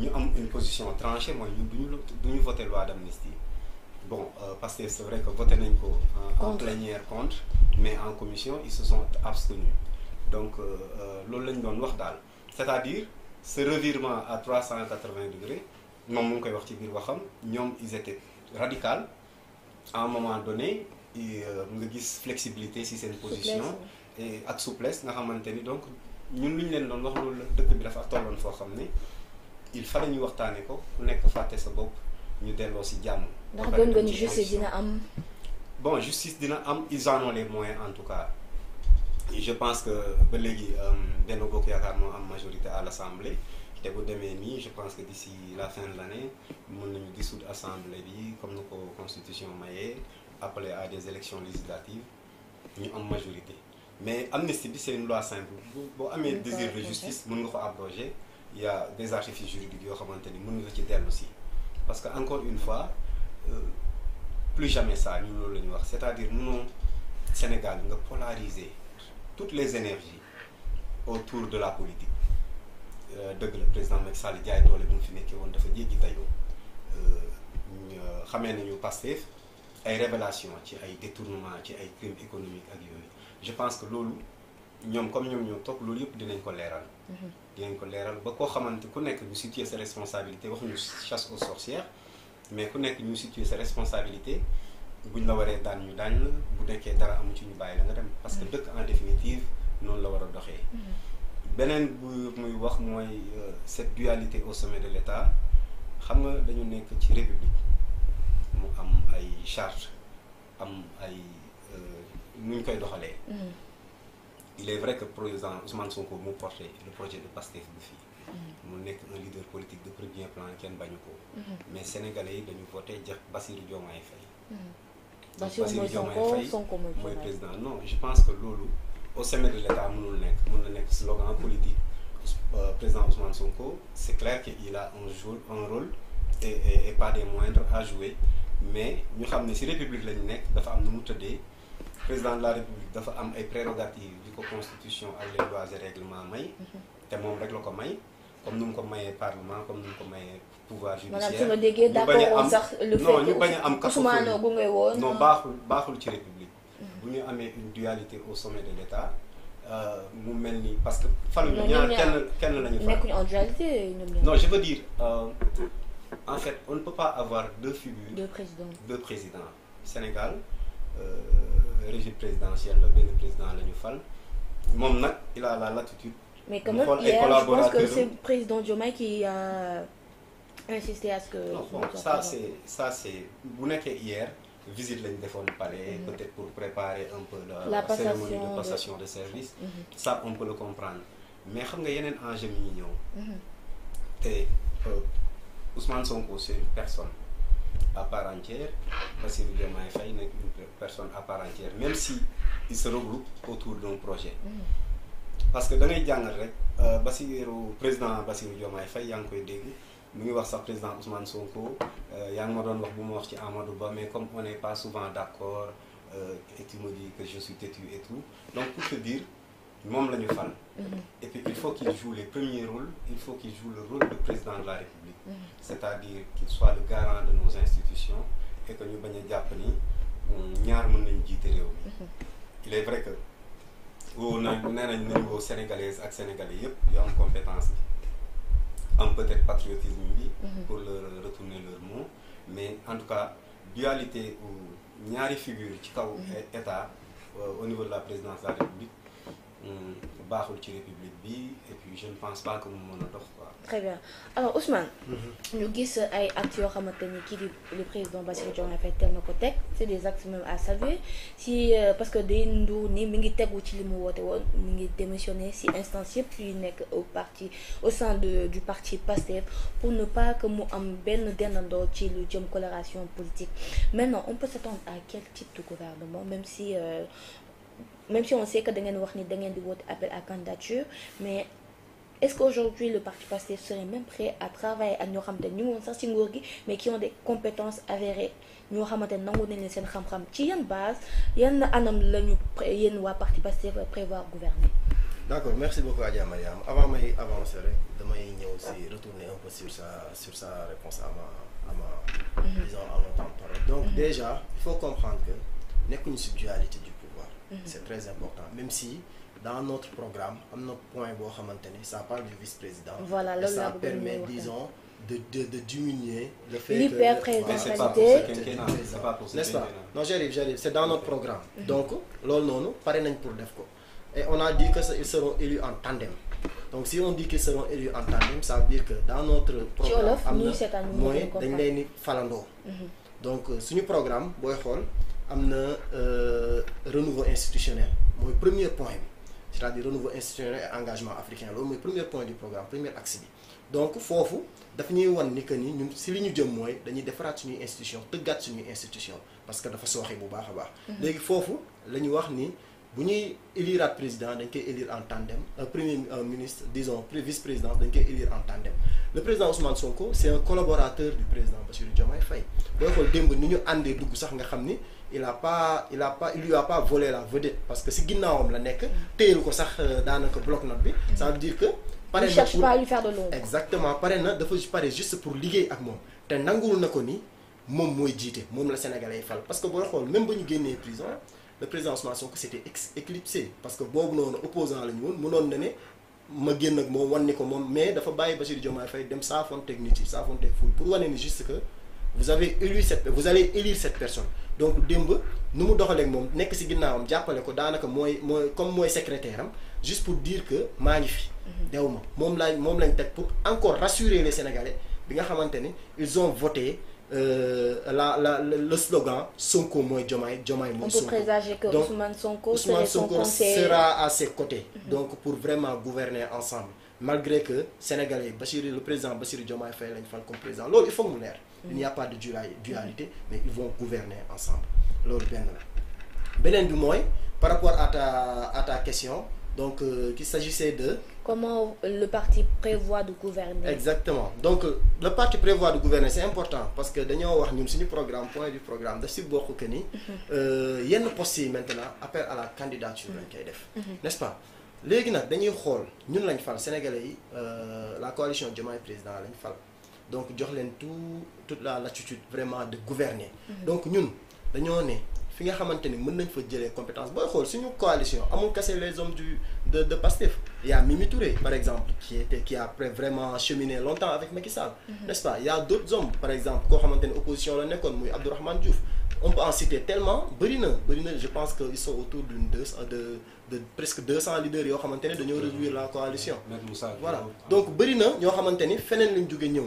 Nous avons une position tranchée nous nous duñu la loi d'amnistie bon euh, parce que c'est vrai que voté nañ en plénière contre mais en commission ils se sont abstenus donc c'est euh, euh, lañ doon wax fait. c'est-à-dire ce revirement à 380 degrés nous avons koy ils étaient radicaux à un moment donné ils ont gis flexibilité si c'est une position et à souplesse nous avons maintenu donc nous avons ñu leen doon wax la dëkk il fallait que nous ko ku le fàtte sa bopp ñu delloo si jàmm. justice bon justice dina am ils en ont les moyens en tout cas Et je pense que les léegi qui euh, Bokk majorité à l'Assemblée. bu je pense que d'ici la fin de l'année, nous mën dissoudre l'Assemblée, comme notre constitution mayee appelé à des élections législatives ñu am majorité mais amnistie c'est une loi simple bon un désir de justice nous nga abroger il y a des artifices juridiques qui ont été mënuñu ci parce que encore une fois euh, plus jamais ça nous loolu c'est-à-dire nous, au Sénégal avons polarisé toutes les énergies autour de la politique Le euh, le président Macky Sall jaay doole bu mu fi nekkee woon dafa jéggi euh, passé y révélations, révélations, ay des ci crimes économiques je pense que nous, comme nous, nous toog loolu yëpp dinañ dinañ ko leeral ba koo xamante ku nekk ñu situer sa responsabilité waxuñu chasse aux sorcières mais ku nekk ñu situer sa responsabilité buñ la waree daan ñu daañ la bu nekkee dara amu ci ñu bàyyi la nga dem parce que mm-hmm. dëkk en définitive noonu la war a doxee mm-hmm. beneen bu muy wax mooy euh, cette dualité au sommet de l'État xam nga dañu nekk ci république mu am ay charte am ay euh, nu ñu koy doxalee mm-hmm il est vrai que le président Ousmane Sonko moo porté le projet de Pastef bu Il mm-hmm. est un leader politique de premier plan qui bañu ko mm-hmm. mais sénégalais de dañu voter jax Bassirou Diomaye Faye mm-hmm. Bassirou Diomaye Faye président non je pense que lolo au sommet de l'état mon nek mon slogan politique euh, président Ousmane Sonko c'est clair qu'il a un jour un rôle et, pas des moindres à jouer mais nous savons que si république lañu nekk dafa am le président de la république dafa am ay prérogatives constitution à les lois et règlements Mais mhm. tellement règle rek la comme nous parlement comme nous comme pouvoir judiciaire. Non, nous non baaxul baaxul ci république. public. Mhm. ñu une dualité au sommet de l'État Nous euh, mel parce que. faluñu ñaar kenn kenn lañu en dualité non je veux dire euh, en fait on ne peut pas avoir deux figures. deux présidents deux présidents Sénégal euh, régime présidentiel le bien président la l'année il a la latitude. mais quand même hier je pense que c'est le président Diomaye qui a insisté à ce que. non ça c'est ça c'est bu visitez hier visite de du palais. peut-être pour préparer un peu la. cérémonie de passation de service. Mhm. ça on peut le comprendre mais xam nga avez un ange mignon et euh, Ousmane Sonko c'est une personne à part entière, Bassirou Diomaye Faye n'est une personne à part entière, même si il se regroupe autour d'un projet. Mm. parce que da ngay jàngal rek euh, Bassirou président Bassirou Diomaye Faye yaa ngi koy dégg mu ngi wax sax président Ousmane Sonko euh, yaa ngi ma un wax bu wax ci Amadou Ba mais comme on n'est pas souvent d'accord euh, et tu me dis que je suis têtu et tout donc pour te dire. Mhm. et puis il faut qu'il joue les premiers rôles il faut qu'il joue le rôle de président de la république. Mhm. c'est-à-dire qu'il soit le garant de nos institutions et que nous sommes a ni mhm. il est vrai que nous, avons un niveau sénégalais sénégalais a yu compétence Un peut-être patriotisme pour leur retourner leur mot mais en tout cas dualité ou ñaari figure ci kaw état euh, au niveau de la présidence de la république baaxul ci république bi et puis je ne pense pas que mon mën très bien alors Ousmane. Mhm. ñu gis ay actes yo xamanteni ki le président Bassirou Diomaye Faye teel na ko c'est C'est des actes même à saluer si euh, parce que day nous ni mi ngi tegu ci limu mu won mi ngi démissionner si instance puis yu au parti au sein de du parti PASTEF pour ne pas que mu am benn dendandoo ci lu jëm coloration politique maintenant on peut s'attendre à quel type de gouvernement même si. Euh, même si on sait que da ngeen wax ni da appel à candidature mais est-ce qu'aujourd'hui le parti passé serait même prêt à travailler à ñoo de ñu ngi woon mais qui ont des compétences avérées ñoo xamante nangu nañ leen seen xam-xam ci yan base yan anam la ñu yéen waa parti passé prévoir gouverner. d'accord merci beaucoup Adja Mariam avant mais avancer rek damay retourner un peu sur sa sur sa réponse à ma à ma. Mhm. disons à mon temps donc mhm. déjà il faut comprendre que qu'une si dualité Mhm. c'est très important même si dans notre programme a notre point boo ça parle du vice-président. voilà ça permet disons de de diminuer. le fait l'hyperprésentialité n'est-ce pas non j'arrive j'arrive c'est dans notre programme. Mhm. donc loolu nous, pare pour def et on a dit que ils seront élus en tandem. donc si on dit qu'ils seront élus en tandem ça veut dire que dans notre programme nous na mooy dañ mhm. donc ni euh, donc suñu programme boy a na euh, renouveau institutionnel le premier point c'est-à-dire renouveau institutionnel et engagement africain C'est le premier point du programme premier axe donc foofu daf ñuy ni que ni ñun nous li ñu jëm mooy dañuy defaraat suñuy institution tëggaat institution parce que dafa sooxe bu baax a baax mm-hmm. léegi foofu la ñu wax ni bu élire éliraat président dañ koy élire en tandem un premier ministre disons vice-président dañ koy élire en tandem le président Ousmane Sonko c'est un collaborateur du président Bassirou Diomaye Faye booy xool Donc ni que nous dugg sax nga xam il a pas il a pas il lui a pas volé la vedette parce que si ginnaawam la nek téyel ko sax euh, daanaka bloc note bi ça veut dire que pare na cherche pas à lui faire de l'ombre exactement pare dafa juste pour liguer ak mom té nanguwul na ko ni mom moy jité mom la sénégalais fal parce que booy xol même bañu ñu prison le président Ousmane Sonko c'était éclipsé parce que boobu noonu opposant la ñu won mënon na ne ma génn ak moom wan ko mom mais dafa baye Bassirou Diomaye Faye dem saafonteeg nit sa saafonteeg ful pour wane ni juste que vous avez élu cette vous allez élire cette personne donc démb nous mu doxaleeg mom nek ci ginnawam jàppale ko daanaka mooy mooy comme moy secrétaire juste pour dire que maa ngi fi. Mhm. dew ma moom lañ lañ tek pour encore rassurer les sénégalais bi nga xamante ils ont voté euh, la la le slogan Sonko mooy Diomaye Diomaye mooy. Sonko on peut présager que donc, Ousmane Sonko. Ousmane Sonko sera à ses côtés. Mhm. donc pour vraiment gouverner ensemble malgré que sénégalais Bassirou le président Bassirou Diomaye Faye lañ fal comme président loolu il faut mu leer il n'y a pas de dualité mm-hmm. mais ils vont gouverner ensemble Ben du par rapport à ta à ta question donc euh, qu'il s'agissait de comment le parti prévoit de gouverner exactement donc euh, le parti prévoit de gouverner c'est important parce que nous avons ñun programme point du programme de si il mm-hmm. euh, maintenant appel à la candidature de mm-hmm. n'est-ce pas maintenant nag dañuy ñun sénégalais la coalition du président fal donc jox leen tout toute la latitude vraiment de gouverner mhm. donc ñun nous sommes... fi nga xamante ni mën nañ fa jëlee compétence booy xool suñu coalition amul cassé les hommes du de de Il y a Mimi Touré par exemple qui était qui a vraiment cheminé longtemps avec Macky Sall mhm. n'est-ce pas Il y a d'autres hommes par exemple qui ont ni opposition la nekkoon muy Abdourahmane Diouf on peut en citer tellement bëri je pense qu'ils sont autour deux de de presque deux leaders yoo xamante ne dañoo réduire la coalition voilà donc bëri na ñoo xamante ni feneen lañ jóge ñëw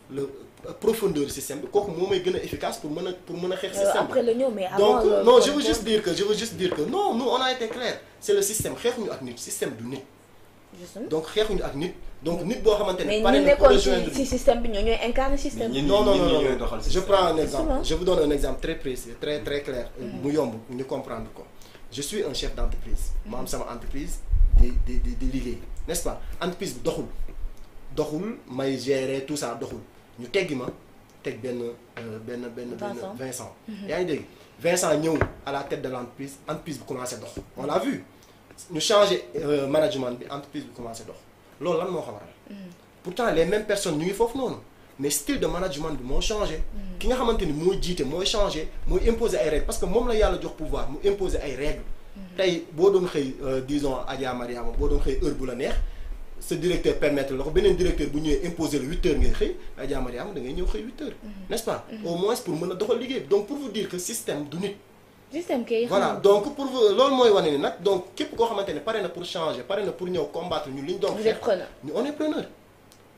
le profondeur du système bi kooku moo est efficace pour mën pour mën a xeex système euh, donc euh, non je veux juste dire que je veux juste dire que non nous on a été clair c'est le système xeexuñu ak nit système du nit donc xeexuñu ak nit donc nit boo xamante ne pare na pas le système bi ñoo ñooy incarner système non non non je prends un exemple je vous donne un exemple très précis très très clair mm-hmm. mu yomb ñu comprendre quoi je suis un chef d'entreprise ma am sama entreprise des des des di n'est-ce pas entreprise bi doxul mais may gérer tout ça doxul ñu teggi ma ben ben ben Vincent mhm. yaa ngi dégg Vincent ñëw à la tête de l'entreprise entreprise entreprise bi commencé dox on l'a vu ñu changé euh, management bi entreprise bi commencé dox loolu lan moo ko waral mhm. pourtant les mêmes personnes ñu ngi foofu noonu mais style de management bi moo changé mhm. ki nga xamante ni mooy jiite mooy changé mooy imposer ay règles parce que moom la yàlla jox pouvoir mu imposer ay règles tey boo doon xëy euh, disons Adja Mariama boo doon xëy heure bu la neex ce directeur permettre la ko directeur bu ñëwee imposer le huit heures ngay xëy Adja Mariama da ngay ñëw huit heures mhm. n'est-ce pas mhm. au moins pour mon a doxal donc pour vous dire que système du nit système kay voilà donc pour vous, l'homme wane ni donc képp koo xamante ne pare na pour changer pas na pour ñëw combattre ñu li Vous êtes preneur? on est preneur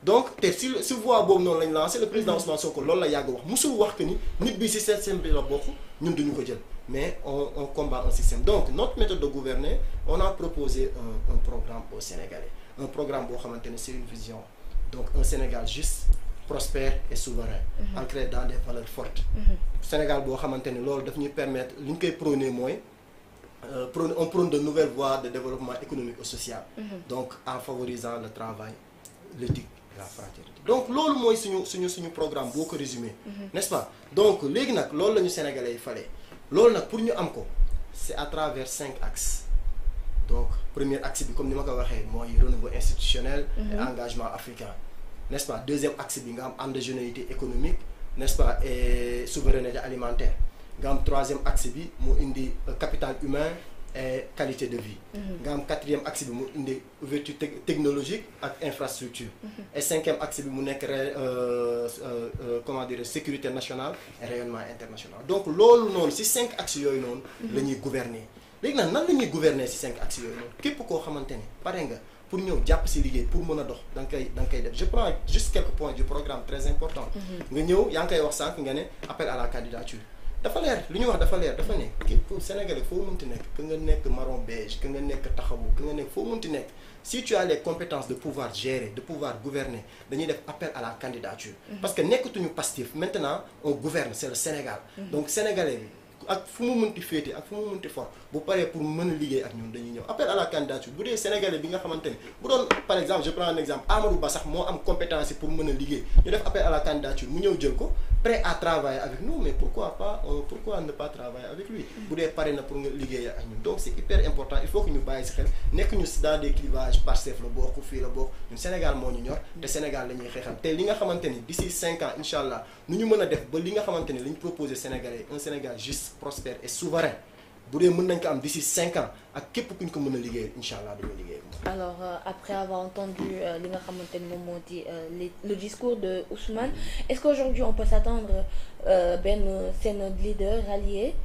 donc te si vous voie boobu noonu lañ lancé le président mhm. Ousmane Sonko loolu la yàgg wax musul wax que ni nit bi si système bi la bokk ñun duñu ko jël mais on, on combat un système donc notre méthode de gouverner on a proposé un, un programme aux Sénégalais un programme pour maintenir une vision donc un Sénégal juste prospère et souverain mhm. ancré dans des valeurs fortes mhm. Sénégal pour xamante ne loolu permettre li koy prôner euh, on prône de nouvelles voies de développement économique et social mhm. donc en favorisant le travail l'éthique la fraternité donc nous, mooy suñu c'est suñu programme pour que résumé n'est-ce pas donc ce que nous, sénégalais c'est pour ñu c'est à travers cinq axes donc premier axe comme ni dit, renouveau institutionnel et l'engagement mhm. africain n'est-ce pas deuxième axe c'est nga économique n'est-ce pas et souveraineté alimentaire nga troisième axe bi le euh, capital humain et qualité de vie mhm. nga quatrième axe bi l'ouverture ouverture technologique et infrastructure mhm. et cinquième axe bi la euh, euh, comment dire sécurité nationale et rayonnement international donc lolu non, ces cinq axes yoy non, lañuy gouverner Maintenant, nan la gouverner ci 5 axes Que noonu képp koo xamante ne pour ñëw japp ci liggéey pour mëna dox dang kay dang kay def je prends juste quelques points du programme très important. Mm-hmm. nga ñëw yaa ngi wax sank nga né appel à la candidature. dafa leer li ñu wax dafa leer dafa ne képp Sénégalais fo mënti nekk que nga nekk marron beige que nga nekk taxawu que nga nekk fo mënti nekk si tu as les compétences de pouvoir gérer de pouvoir gouverner dañuy def appel à la candidature. Mm-hmm. parce que pas Pastef maintenant on gouverne c'est le Sénégal. Mm-hmm. donc sénégalais ak fu mu mënti féete ak fu mu mënti for bu paree pour mën a liggéey ak ñun dañuy ñëw appel à la candidature bu dee sénégalais bi nga xamante ne bu doon par exemple je prends un exemple Amadou Ba sax moo am compétences pour mën a liggéey ñu def appel à la candidature mu ñëw jël ko prêt à travailler avec nous mais pourquoi pas euh, pourquoi ne pas travailler avec lui bu dee pare na pour nous liguer donc c'est hyper important il faut que nous bàyyi si xel que ñu si dans des clivages chef, le bokk fii la bokk le Sénégal nous ñu ñor Sénégal nous sommes xeexal te li nga xamante d'ici 5 ans inshallah nous nu ñu mën a def ba li nga Sénégalais un Sénégal juste prospère et souverain bu dee mën nañ ko am d'ici 5 ans ak képp ku que ko mën a liggéeyal incha allah alors euh, après avoir entendu euh, li nga xamante euh, le discours de Ousmane est-ce qu'aujourd'hui on peut s'attendre euh, benn notre leader rallié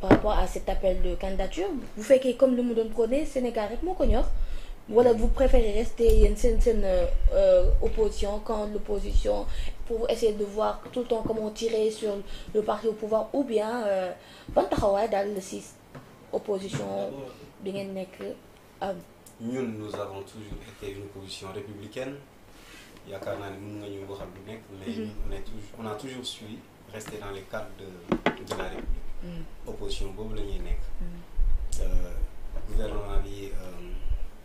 par rapport à cet appel de candidature vous faites comme le monde doon prôné Sénégal avec mon ko voilà, vous préférez rester une certaine euh, euh, opposition quand l'opposition pour essayer de voir tout le temps comment tirer sur le parti au pouvoir ou bien euh, ban dans le si opposition bi nous avons toujours été une opposition républicaine Il y a quand même ñu mais mhm. on a toujours su rester dans les cadres de la République. Mhm. opposition Bob la ñuy mhm. gouvernement gouvernement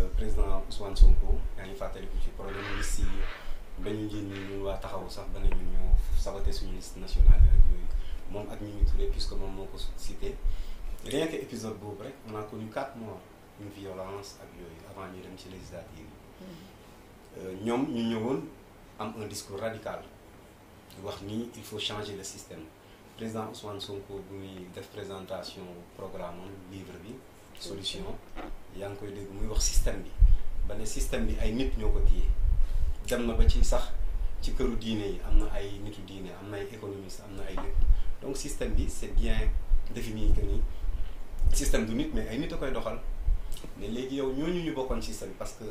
Euh, président Ousmane Sonko yaa ngi fàttaliku ci problème mu liste yi ba ñu njëriñ ñu waa taxaw sax ba ne ñu ñoo saboté suñu liste nationale ak yooyu moom ak Mimi Touré puisque moom moo ko cité rien que épisode boobu rek on a connu quatre morts une violence à yooyu avant ñu dem ci législative yi. Euh, ñoom ñu ñëwoon am un discours radical wax ni il faut changer le système président Ousmane Sonko bu muy def présentation programme livre bi solution yang ngi koy dégg muy wax système bi ba ne système bi ay nit ñoo ko dem na ba ci sax ci këru diine yi ay nitu diine amna ay économiste amna ay donc système bi c'est bien défini que ni système du nit mais ay nit a koy doxal mais léegi yow ñooñu ñu bokkoon parce que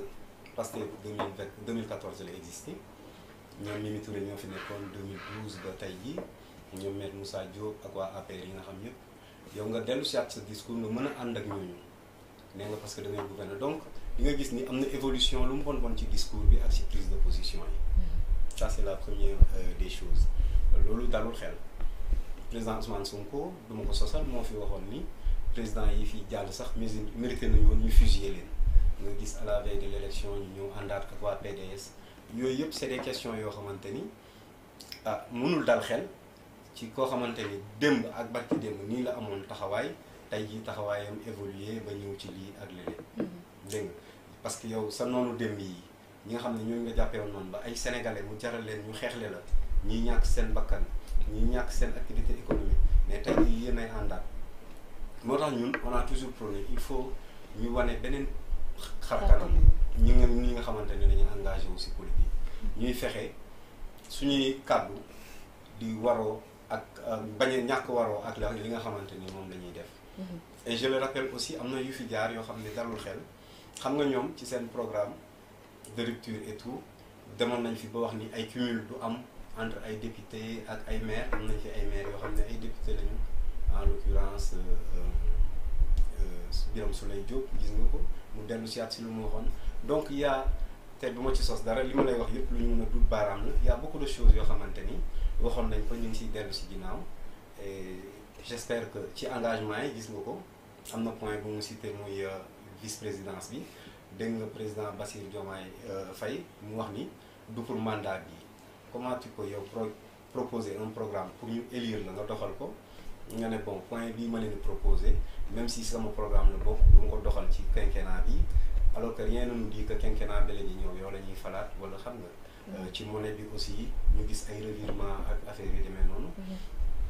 parce que 2014 mille vingt deux existé ñoom Mimi Touré ñoo fini kon 2012 ba tey jii ñoom Me Moussa Diop ak waa APR yi nga xam yow nga si at sa discours nga mën a ànd nee nga parce que da ngay gouverner donc li nga gis ni am na évolution lu mu bon bon ci discours bi ak ci prise de position yi. Mm-hmm. ça c'est la première euh, des choses loolu dalul xel président Ousmane Sonko du ma ko sosal moo fi waxoon ni président yi fi jàll sax mérité nañu woon ñu fusiller leen nga gis à la veille de l' élection ñu ñëw àndaat ak waa PDS yooyu yëpp c' est des questions yoo xamante ni ah mënul dal xel ci koo xamante ni démb ak barki démb nii la amoon taxawaay. tey jii taxawaayam évolué ba ñëw ci lii ak léeg-léeg. Mm-hmm. dégg nga parce que yow sa noonu démb yi ñi nga xam ne ñooñu nga jàppee woon ba ay sénégalee mu jaral leen ñu xeexle la ñuy ñàkk seen mbakkan ñu ñàkk seen activité économique mais tey jii yéen ay àndaat moo tax ñun on toujours prôné il faut ñu wane beneen xar kanam ñi nga ñi nga xamante ne dañuy engagé wu si politique ñuy fexe suñuy kàddu di waroo ak euh, bañ a ñàkk waroo ak li nga xamante ni moom la ñuy def. et je le rappelle aussi amna na yu fi jaar yo xamné ne dalul xel xam nga ñom ci sen programme de rupture et tout demoon nañ fi ba wax ni ay cumul du am entre ay député ak ay maire am nañ fi ay maire yo xamné ay député lañu en l'occurrence euh, euh, Birame Souleye Diop gis nga ko mu dellu ciat ci lu mu waxoon donc y a te bu ma ci sos dara li ma lay wax yëpp lu ñu mëna a dut baaraam la y a beaucoup de choses yo xamanteni waxon nañ ko ñu ngi siy ci si ginnaaw j'espère que ci engagement yi gis nga ko am point bu mu cité muy euh, vice-présidence bi dégg nga président Bassirou Diomaye euh, Fay mu wax ni du pour mandat bi comment tu peux yow proposer un programme pour ñu élire la nga doxal ko nga ne bon point bi ma leen proposer même si sama programme la bokk du ko doxal ci quinquennat bi alors que rien ne nous dit que quinquennat bi la ñuy ñëw yow la ñuy falaat wala xam nga mm-hmm. euh, ci monnaie bi aussi ñu gis ay revirement ak affaire yi demee noonu mm-hmm.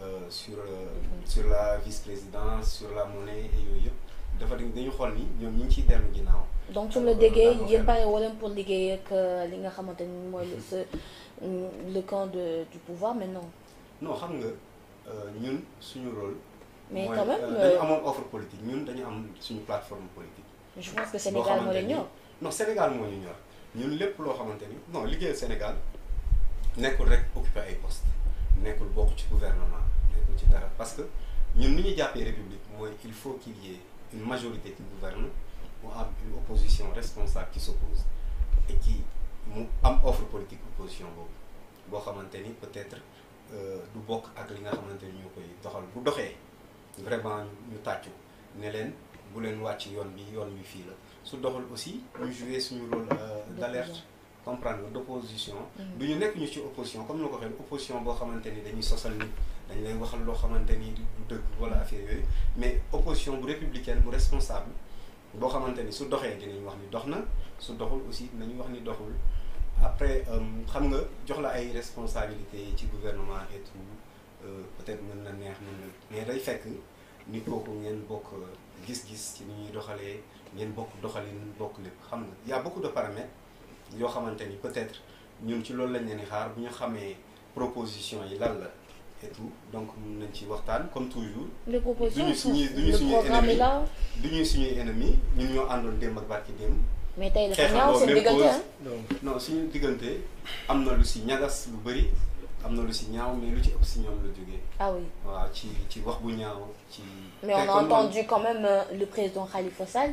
Euh, sur euh, sur la vice-présidence sur la monnaie et yoyo yëpp dafa dañu xool ni ñoom ñu ngi donc pour liggéey que euh, li nga xamante mm, le camp de du pouvoir maintenant. non Non, xam nga ñun suñu rôle. mais quand même avons une offre politique ñun dañu am suñu plateforme politique. je pense que Sénégal est leen non Sénégal est ñu ñor ñun plus loo xamante non liggéeyal Sénégal correct rek occuper un poste nekul bok ci gouvernement nekul ci dara parce que ñun ni ñu jappé république moy il faut qu'il y ait une majorité qui gouvernement ou une opposition responsable qui s'oppose et qui mu am offre politique opposition boobu bo xamante peut-être euh, du bok ak li nga xamante ni doxal bu doxé vraiment ñu tatchu ne leen bu leen wacc yoon bi yoon bi fi la su doxal aussi ñu jouer suñu rôle euh, d'alerte comprendre nga mhm. du ñu nek ñu ci opposition comme ni ko waxee opposition bo xamanteni dañuy sosal ni dañ lay waxal lo xamanteni ni du dëgg wala affaire yoy mais opposition bu républicaine bu responsable bo xamanteni su doxé dinañ wax ni doxna su doxul aussi nañ wax ni doxul après euh, xam nga jox la ay responsabilités ci gouvernement et tout euh, peut-être mën na neex mën na mais day fekk ni kooku ngeen bokk euh, gis-gis ci ni ñuy doxalee ngeen bokk doxalin bokk lépp xam nga y' a beaucoup de paramètres yoo xamante ni peut-être ñun ci loolu lañ leen di xaar bu ñu xamee proposition yi lan la et tout donc mun nañ ci waxtaan comme toujours. les propositions sont le programme est là du ñuy suñuy ennemi ñun ñoo àndoon démb ak barki démb. mais tey dafa ñaaw seen diggante hein? non suñu diggante am na lu si ñagas lu bëri am na lu si ñaaw mais lu ci ëpp si ñoom la jógee. ah oui waaw ci ci wax bu ñaaw ci. mais on a entendu quand même euh, le président Khalifa Sall.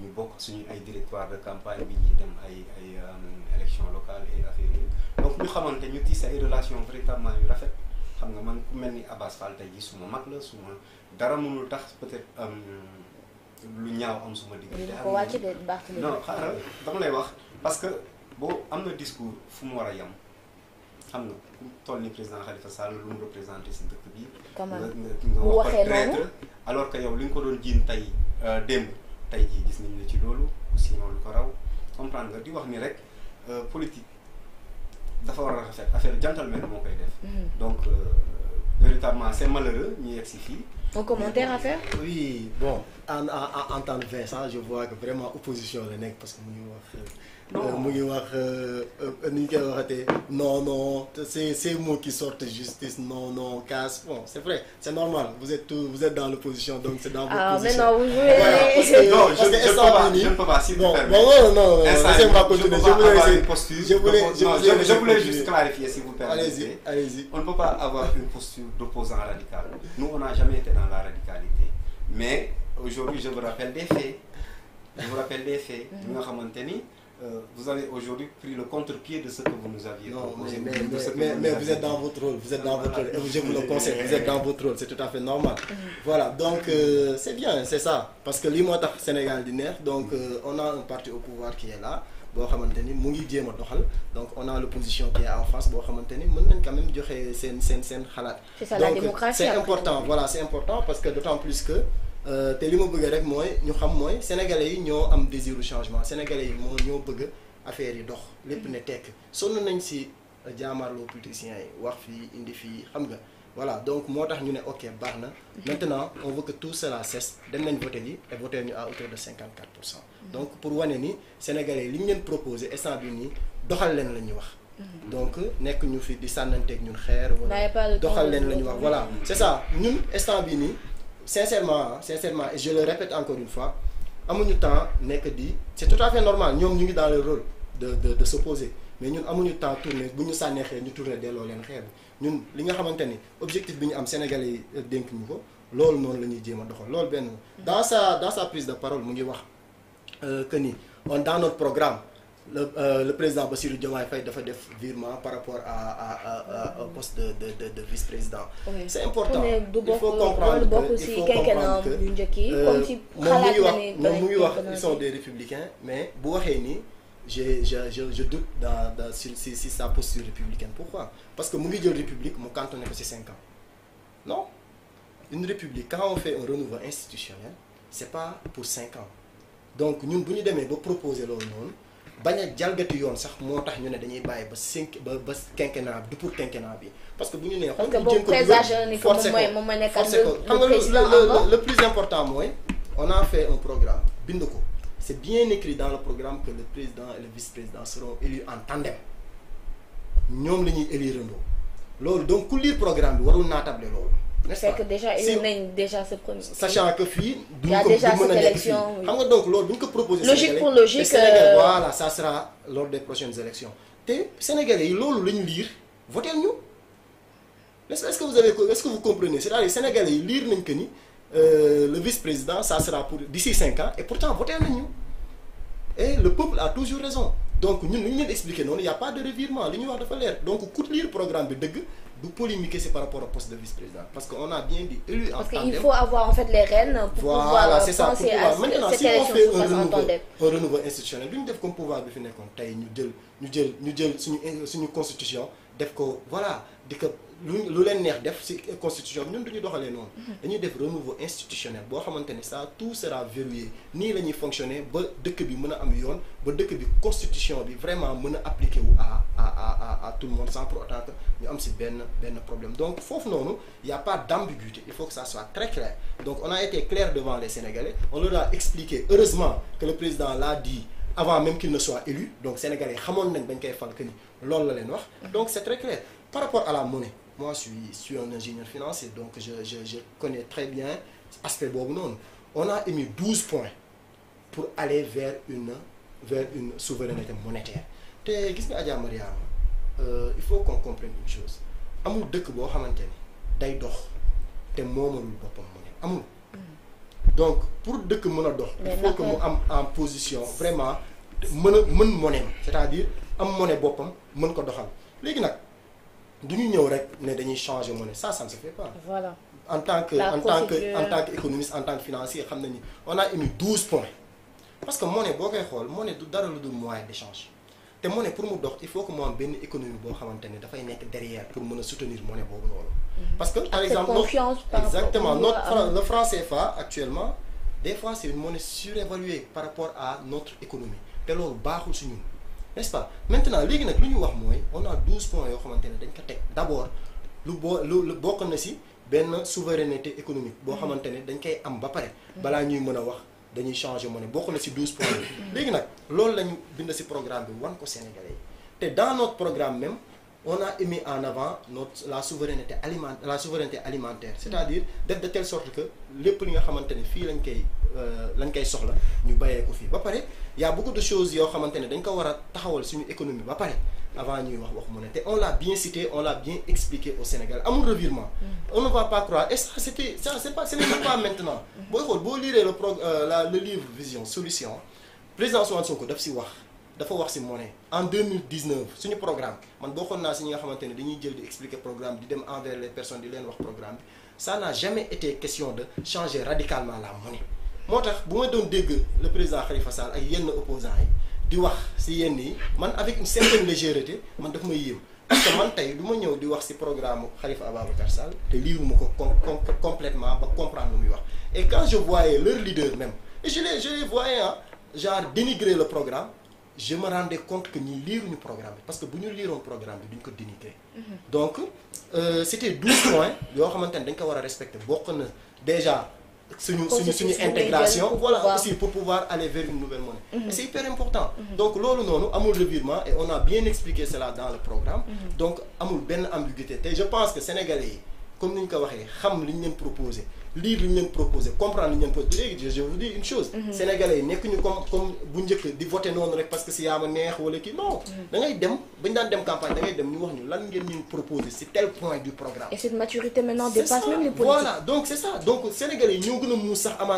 ñu bokk suñu ay directoire de campagne bi ñuy dem ay ay euh, élection locale et affaire yooyu donc ñu xamante ñu tiis ay relation véritablement yu rafet xam nga man ku mel ni Abass Fall tey jii suma mag la suma dara mënul tax peut-être euh, lu ñaaw am suma diggante non xaaral dama lay wax parce que boo am na discours fu mu war a yem xam nga ku toll ni président Khalifa Sall lu mu représenté si dëkk bi nga nga wax ko alors que yow li nga ko doon jiin tey euh, démb tey jii gis nañu ne ci loolu aussi noonu ko raw comprendre nga di wax ni rek euh, politique dafa war a rafet affaire gentleman moo koy def. Mm. donc euh, véritablement c'est malheureux ñu yegg si fii. un commentaire à faire. oui bon en en en tant de Vincent je vois que vraiment opposition la nekk parce que mu ngi wax. Euh, y euh, wax euh, euh, ni non non c'est ces mots qui sortent justice non non casse bon c'est vrai c'est normal vous êtes dans l'opposition donc c'est dans votre position. ah mais non vous jouez. non je ne peux pas non, non non non je continuer je voulais juste clarifier si vous permettez. allez-y allez-y on ne peut pas avoir une posture d'opposant radical nous on n'a jamais été dans la radicalité mais aujourd'hui je vous rappelle des faits je vous rappelle des faits. Euh, vous avez aujourd'hui pris le contre-pied de ce que vous nous aviez proposé. Mais, vous, êtes dans votre rôle, vous êtes dans ah, votre rôle. Ah, Je vous le ah, conseille, vous êtes dans votre rôle, c'est tout à fait normal. Mm. Voilà, donc euh, c'est bien, c'est ça. Parce que l'IMOTA Sénégal d'INER, donc mm. euh, on a un parti au pouvoir qui est là. donc on a l'opposition qui est en France c'est important voilà c'est important parce que d'autant plus que. Euh, te li ma bëgg rek ñu xam sénégalais yi ñoo am désiru changement sénégalais yi moo ñoo bëgg affaire yi dox lépp ne tekk si euh, politiciens yi wax indi fii xam nga voilà donc moo tax ñu ne ok mhm. maintenant on veut que tout cela cesse dem nañ voté et à hauteur de 54 mhm. donc pour wane ni sénégalais yi li ñu leen proposé instant bi nii doxal leen mhm. donc nekk ñu fi di sànnanteeg ñun xeer wala doxal voilà c'est ça ñun instant bi sincèrement hein, sincèrement et je le répète encore une fois amuñu temps nekk di c'est tout à fait normal nous sommes dans le rôle de de de s'opposer mais nous amuñu temps tourner bu ñu ñu tourner ñun li nga objectif Sénégalais yi euh, dénk c'est nous sommes doxal dans sa dans sa prise de parole mu ngi euh, que on dans notre programme le euh, le président Bassirou Diomaye Faye dafa des virements par rapport à au poste de de vice président. c'est important il faut comprendre il faut comprendre que euh, ils sont des républicains mais bu je je je doute dans si si pose sa posture républicaine pourquoi parce que mu ngi république quand on est passé 5 ans non une république quand on fait un renouveau institutionnel ce n'est pas pour 5 ans donc nous, si devons ba proposer loolu baña a jalgati yoon sax motax ñu né dañuy baye ba 5 ba ba quinquennat du pour quinquennat bi parce que bu ñu nee. xam nga boobu présagion ni que moom mooy le plus important moy on a fait un programme bind ko c' bien écrit dans le programme que le président et le vice président seront élus en tandem ñom lañuy élire ndo loolu donc ku lire programme bi warul na tablé loolu c'est que déjà élu a déjà ce premier. sachant que fii. il y a déjà cette élection. donc loolu donc ñu logique pour logique Sénégal euh, voilà ça sera lors des prochaines élections te sénégalais ils l'ont lu, ñu liir votel est-ce que vous avez est-ce que vous comprenez c'est-à-dire sénégalais Sénégal, liir nañ que euh, le vice-président ça sera pour d'ici 5 ans et pourtant votez nous. et le peuple a toujours raison donc nous nous ñu leen expliqué y a pas de revirement l'union va wax dafa leer donc lire le programme de dëgg vous polémiquer c'est par rapport au poste de vice-président. Parce qu'on a bien dit Parce qu'il faut avoir en fait les rênes pour voilà, pouvoir euh, ça, Maintenant, si on fait un renouveau, institutionnel, nous devons nous constitution, voilà, nous lu leen neex def ci constitution Nous, ñun du ñu doxalee noonu. Mhm. un renouveau institutionnel boo xamante ça tout sera verrouillé ni la ñuy fonctionner ba dëkk bi le a am ba constitution bi vraiment mën appliquer à à à à tout le monde sans pour autant que ñu am ci problèmes. problème donc il n'y a pas d'ambiguïté il faut que ça soit très clair donc on a été clair devant les Sénégalais on leur a expliqué heureusement que le président l'a dit. avant même qu'il ne soit élu donc sénégalais xamoon nañ bañ koy fal que ni mhm. donc c'est très clair par rapport à la monnaie moi je suis, suis un ingénieur financier, donc je, je, je connais très bien aspect bon non on a émis 12 points pour aller vers une vers une souveraineté monétaire te gis euh, il faut qu'on comprenne une chose Amour de que xamante ni day dox te moomalul amul mm. donc pour de que mon dox il faut que en position vraiment mon monnaie c'est-à-dire un monnaie bopam, mon ko doxal duñu ñëw rek né dañuy changer monnaie ça ça ne se fait pas. voilà en tant que en tant que en tant qu'économiste en tant que financier xam nañu on a émis 12 points. parce que monnaie bo kay xol monnaie du dara lu dul moyen d'échange té monnaie pour mu dox il faut que mon am benn économie bo xamante da fay nekk derrière pour mën soutenir monnaie bobu mhm. parce que par exemple exactement notre le franc CFA actuellement des fois c'est une monnaie surévaluée par rapport à notre économie te loolu baaxul si n'est-ce pas léegi nag lu ñu wax mooy on a douze points yoo xamante ne dañ ko teg d'abord lu boo lu bokk na si benn souveraineté économique boo xamante ne dañ koy am ba pare balaa ñuy mën a wax dañuy changer monnaie bokk na ci douze points [coughs] léegi nag loolu la ñu bind si programme bi wan ko Sénégalais yi te dans notre programme même on a mis en avant la souveraineté alimentaire c'est-à-dire de telle sorte que les li nga ont été fii lañ koy euh, lañ koy soxla ñu été ko il y a beaucoup de choses qui ont été dañ ko a taxawal suñu économie avant ñuy wax on l'a bien cité on l'a bien expliqué au Sénégal mon revirement mm. on ne va pas croire et ça ça pas ce n'est pas maintenant Si mm. vous boo euh, le livre vision solution président Ousmane Sonko faut wax si monnaie en 2019 le programme man bokkoon naa signé ñi nga xamante ne dañuy jël programme di dem envers les personnes di leen wax programme ça n'a jamais été question de changer radicalement la monnaie moi je bu ma doon le président Khalifa Sall ak yenn opposants yi di wax si yenn avec une certaine légèreté man daf may yéem parce que man tey du ma ce di wax si programme Khalifa Ababacar Sall te lire complètement ba comprendre et quand je voyais leur leader même et je les je les voyais hein, genre dénigrer le programme je me rendais compte que nous lire le programme parce que nous lisons le programme bi dignité. ko dignité. Mhm. donc euh, c'était 12 points que nous devons dañ respecter déjà suñu intégration voilà aussi pour pouvoir aller vers une nouvelle monnaie mhm. c'est hyper important mhm. donc nous un amul revirement et on a bien expliqué cela dans le programme donc amul benn ambiguïté et je pense que sénégalais comme nous le ko savent xam qu'ils proposent lire li ñu proposé comprendre je vous dis une chose. Mm-hmm. sénégalais yi nekk ñu comme comme bu njëkk di parce que c'est un peu neex wala non. Mm-hmm. da ngay dem ba daan campagne da ngay dem tel point du programme. et cette maturité maintenant dépasse même les politiques. voilà donc c'est ça donc sénégalais mm-hmm.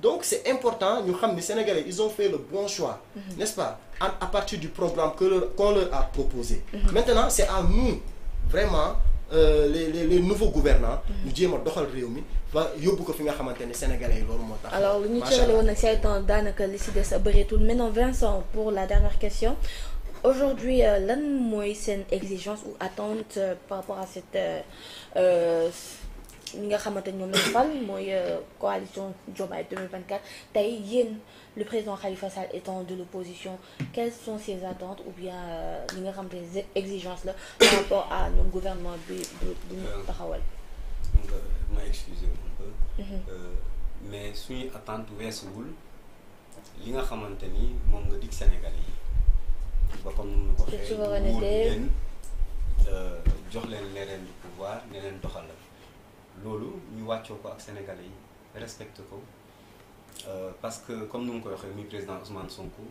donc c'est important sénégalais ils ont fait le bon choix. n'est ce pas à partir du programme que leur a proposé. maintenant c'est à nous vraiment. Euh, les les les nouveaux gouvernants nous mm. jéem a doxal réew mi ba yóbbu ko fi nga xamante sénégalais alors lu ñu cërale woon nag si ay temps daanaka li si maintenant Vincent pour la dernière question aujourd'hui euh, lan de mes exigence ou attente euh, par rapport à cette li nga xamante ñoom lañ coalition Diomaye 2024 tey yéen le président Khalifa Sall étant de l'opposition, quelles sont ses attentes ou bien euh, li exigences là, par rapport à notre gouvernement de bu ñu taxawal. Euh, ma excusez un peu. Mhm. Euh, mais suñu attente weesuwul li nga xamante ni moom nga dig Sénégalais yi ba comme nu ko waxee wóor leen jox leen leneen du pouvoir ne leen doxalal loolu ñu wàccoo ko ak Sénégalais yi respecté ko. Euh, parce que comme nous mu ko le président Ousmane Sonko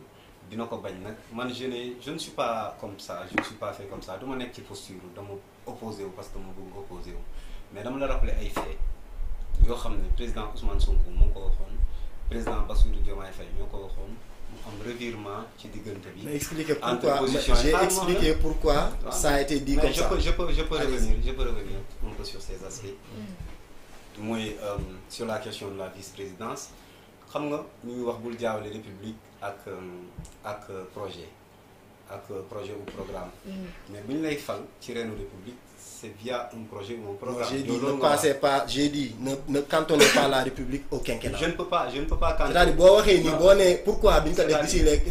dina ko bañ man je ne je ne suis pas comme ça je ne suis pas fait comme ça du ma nekk ci posture dama opposé parce que dama bëgg opposé mais dama la rappelé ay faits Yo que le président Ousmane Sonko moo dit, le président Bassirou Diomaye Faye ñoo ko waxoon mu am revirement ci diggante bi. entre position j'ai expliqué hein. pourquoi ça a été dit comme ça je peux je peux revenir je peux revenir un peu sur ces aspects. Mm. Euh, sur la question de la vice-présidence xam nga ñuy que wax bul jaawale république ak euh, ak euh, projet ak euh, projet ou programme. Mm. mais buñ lay fal ci république c'est via un projet ou un programme. j'ai dit ne passez pas j'ai dit ne ne cantonnez pas la république au quinquennat. je ne peux pas je ne peux pas cantonner. c'est-à-dire pourquoi ko def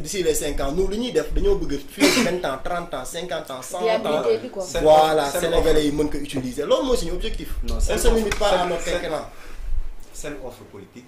d'ici les 5 les ans nous lu ñuy def dañoo bëgg fii 20 ans 30 ans 50 ans 100 ans. voilà sénégalais yi mën ko utiliser loolu mooy suñu objectif. on se limite pas à notre quinquennat. seen offre politique.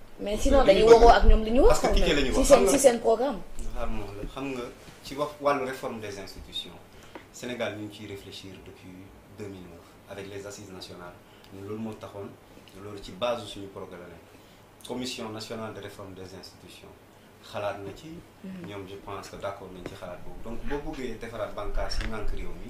mais sinon dañuy waroo ak ñom li ñu wax. parce que piqué la programme. xam nga ci wax wàllu réforme des institutions Sénégal ñu ngi ciy réfléchir depuis 2009 avec les assises nationales ñun loolu moo taxoon loolu ci base suñu programme la commission nationale de réforme des institutions xalaat na ci. Mhm. ñoom je pense que d' accord nañ ci xalaat boobu donc boo bëggee defaraat bànqaas yi ngànk réew mi.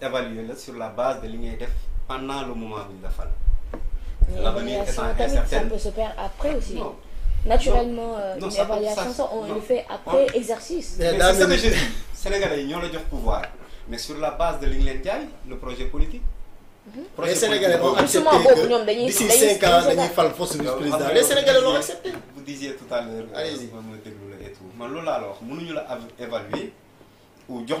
évaluer sur la base de li pendant le moment bu ñu la manière l'avenir certaine incertain. ça peut se faire après aussi. Non. naturellement euh, non, évaluation on le fait après exercice. les c'est ce que je [laughs] Sénégalais pouvoir mais sur la base de li le projet politique. les mhm. Sénégalais ont accepté que d'ici 5 ans dañuy le force vice-président les Sénégalais l'ont accepté. vous disiez tout à l'heure allez-y vous euh, me et tout Mais là, alors, la wax mënuñu la évaluer ou jox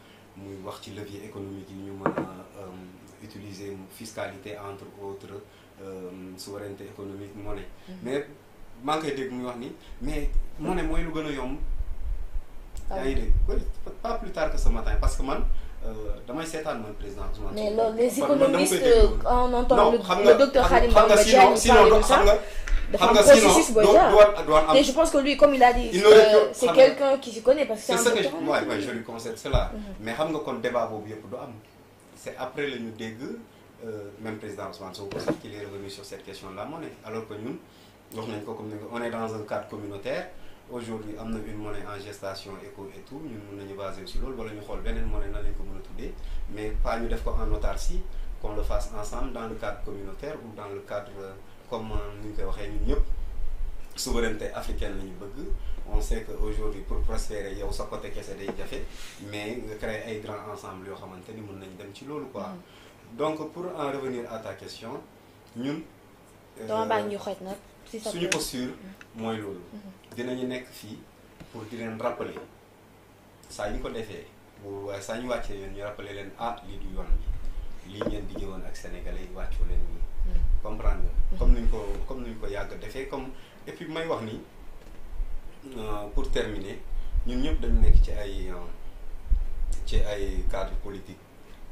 muy wax levier économique yi euh, fiscalité entre autres euh, souveraineté économique mm-hmm. mais mais monnaie lu pas plus tard que ce matin parce que man euh, damay seetaan moy président Ousmane mais loolu les économistes on entend le docteur Khadim Bamba Diagne parler de ça dafa donc doit booy am et je pense que lui comme il a dit euh, c'est quelqu'un qui se connaît parce que c'est un Moi moi je lui conseille cela mhm. mais xam nga kon débat boobu yëpp do am c'est après le ñu dégg euh, même président Ousmane Sonko sax qu'il est revenu sur cette question de la monnaie alors que ñun wax nañ ko comme on est dans un cadre communautaire aujourd'hui on a une monnaie en gestation éco et tout ñun sommes nañu sur ci lool wala ñu xol benen monnaie nan ko mais pas ñu def en autarcie qu'on le fasse ensemble dans le cadre communautaire ou dans le cadre comme La euh, ñu souveraineté africaine lañu on sait que aujourd'hui pour prospérer yow sa côté a day fait, mais nga créer ay grand ensemble yo xamante ni mun quoi mm. donc pour en revenir à ta question nous, dama baax euh, ñu xoj nag. suñu posture mm. dina ñu nekk fii pour di leen rappale saa ñu ko defee bu waaye saa ñu wàccee yoon ñu rappeler leen ah lii du yoon bi lii ngeen di jëwoon ak sénégalais yi wàccu leen nii. Mm. comprendre nga. Mm-hmm. comme nuñ ko comme nuñ ko yàgg defee comme et may wax ni euh, pour terminer ñun ñëpp dañ nekk ci ay euh, ci ay cadre politique.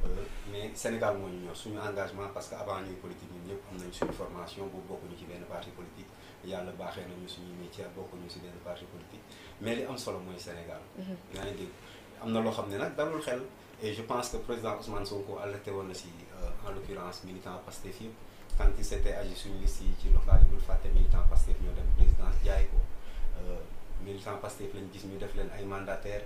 Euh, mais Sénégal moy ñu ñor suñu engagement parce que avant ñuy politique ñun ñëpp am nañ suñu formation bu ñu ci benn parti politique yàlla baaxee nañu suñu métier ñu ci benn parti politique mais li am solo mooy Sénégal. Mhm. yaa ngi dégg am na loo xam ne nag dalul xel et je pense que président Ousmane Sonko alerté woon na si euh, en l'occurrence militant Pastef yëpp quand il s'était agi suñu liste yi ci local yi bul fàtte militant Pastef ñoo dem présidence jaay ko euh, militant Pastef lañ gis ñu def leen ay mandataires.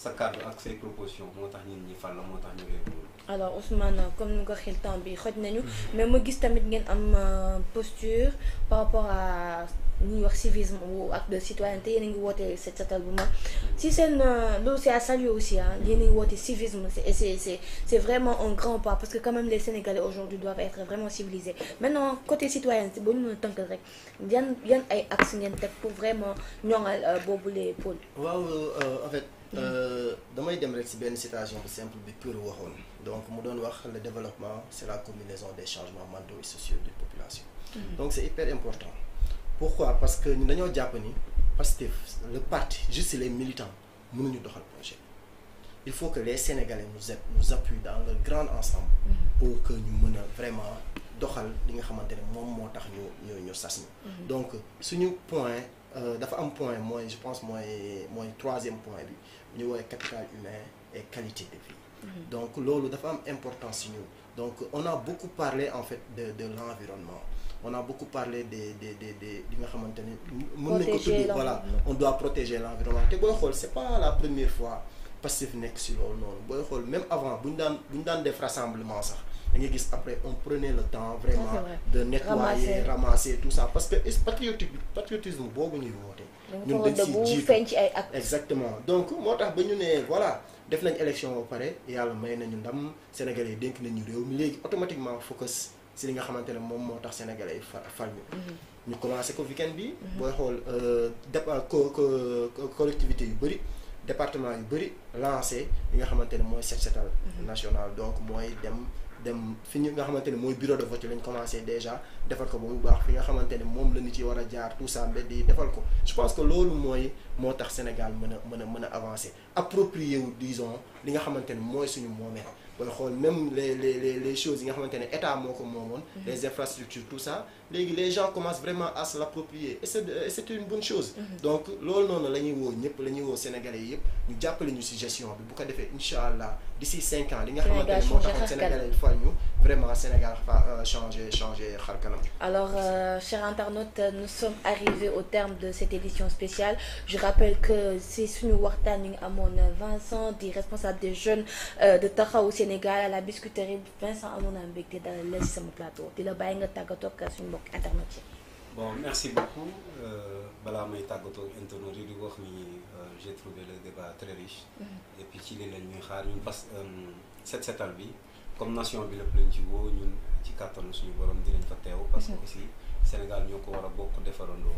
sa kàddu avec ses propositions moo tax ñi fal la montagne alors Ousmane comme nous avons ko temps bi xoj nañu mm-hmm. mais mo gis tamit ngeen am euh, posture par rapport à ñuy wax civisme ou acte de citoyenneté yéen ngi woté set setal bu si C'est un c'est à saluer aussi ah yéen a ngi civisme c'est c'est c'est vraiment un grand pas parce que quand même les Sénégalais aujourd'hui doivent être vraiment civilisés maintenant côté citoyenneté c'est ñu mën tant que rek yane yan ay axes ngeen tek pour vraiment ñoŋal euh, boobu les pôles waaw euh, en fait euh, damay dem rek si benn citation simple bi pure waxoon donc mu le développement c'est la combinaison des changements mentaux et sociaux de la population mm-hmm. donc c'est hyper important pourquoi parce que nous, avons Japonais, parce que le parti juste les militants nous faire le projet il faut que les Sénégalais nous aident nous appuient dans le grand ensemble mm-hmm. pour que nous puissions vraiment doxal le nga de ne Donc, ñu ñu mm-hmm. donc point euh, je pense c'est le troisième point niveau capital humain et qualité de vie mhm. donc l'eau dafa important importance si donc on a beaucoup parlé en fait de l'environnement on a beaucoup parlé de des voilà on doit protéger l'environnement Ce n'est c'est pas la première fois que sur sommes même avant bu ñu daan des après on prenait le temps vraiment de nettoyer ramasser tout ça parce que patriotisme patriotisme beaucoup ñuy important ñun dañ si jiitu exactement donc moo tax ba ñu voilà def nañ élection ba pare yàlla may nañu ndam sénégalais yi dénk nañu réew mi léegi automatiquement focus si li nga xamante ne moom moo tax sénégalais yi fa fal ñu mhm. ñu commencé ko weekend bi mhm. booy xool euh, dépa collectivité yu bëri département yu bëri lancé li nga xamante ne mooy set mhm. national donc mooy dem dem fi nga xamante ne mooy bureau de vote lañ commencé déjà defal ko ba mu baax fi nga xamante ne moom la ñu ci war a jaar tout ça mbedd yi defal ko je pense que loolu mooy moo tax Sénégal mën a mën a mën a avancer approprié wu disons li nga xamante ne mooy suñu moomeel booy xool même les les les choses yi nga xamante ne état moo ko moomoon mm-hmm. les infrastructures tout ça les gens commencent vraiment à se l'approprier. Et c'est euh, une bonne chose. Mhm. Donc, loolu non, la ñuy woo ñëpp Sénégalais nous ñu gestion bi bu ko d'ici 5 ans li nga xamante ne moo taxoon Sénégalais Sénégal va euh, changer changer alors euh, chers internautes nous sommes arrivés au terme de cette édition spéciale je rappelle que c'est suñu avons Amon Vincent responsable des jeunes de Taha au Sénégal à la biscuiterie Vincent Amon dans le dans le plateau il la bàyyi nga tàggatoo ak mbokk internet yi. bon merci beaucoup euh, bala may tagoto ak internet di wax ni euh, j'ai trouvé le débat très riche. Mm-hmm. et puis ci lii ñuy xaar ñun pass que euh, set setal bi comme nation bi lépp lañ ci woo ñun ci carton suñu borom dinañ fa tew parce que mm-hmm. aussi Sénégal ñoo ko war a bokk defarandoo.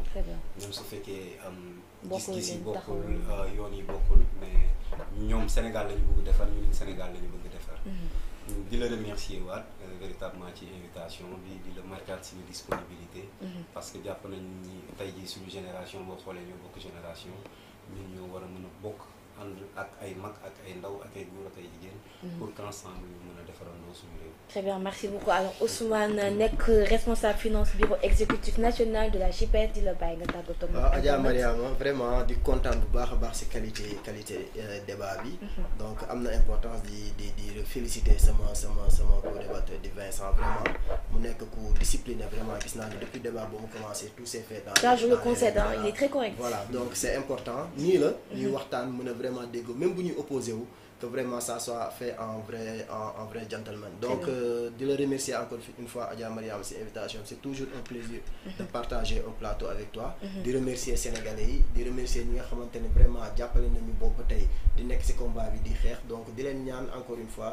même su fekkee am. gis-gis yi bokkul yoon yi bokkul mais ñoom Sénégal lañu bëgg defar ñun Sénégal lañu bëgg defar. Mm-hmm di remercie remercier waat euh, véritablement ci invitation bi di la marquer suñu disponibilité. Mhm. parce que jàpp nañu ni tey jii génération beaucoup de ñoo beaucoup génération ñun ñoo war a mën pour qu'ensemble très bien merci beaucoup alors Ousmane Nek, responsable finance bureau exécutif national de la JPS de la bàyyi nga ah, Adja Mariama ah, vraiment du content bu voir ces qualités, qualité qualité euh, débat bi. Mhm. donc il y importance di di di féliciter ce ce sama co-débatteur de Vincent vraiment mon nekk ku discipliné vraiment gis naa ne depuis débat bon, commencé tout s'est fait dans. ça je le concède hein, il est très correct. voilà donc c'est important Ni le, ni waxtaan mën vraiment dégo même bu nous opposé que vraiment ça soit fait en vrai en, vrai gentleman. donc euh, de le remercier encore une fois Adja Mariam c'est invitation c'est toujours un plaisir. Mhm. de partager un plateau avec toi. Mhm. de remercier sénégalais de di remercier ñi nga xamante vraiment jàppale nous bopp côté di nekk si combat bi di donc de l'union encore une fois.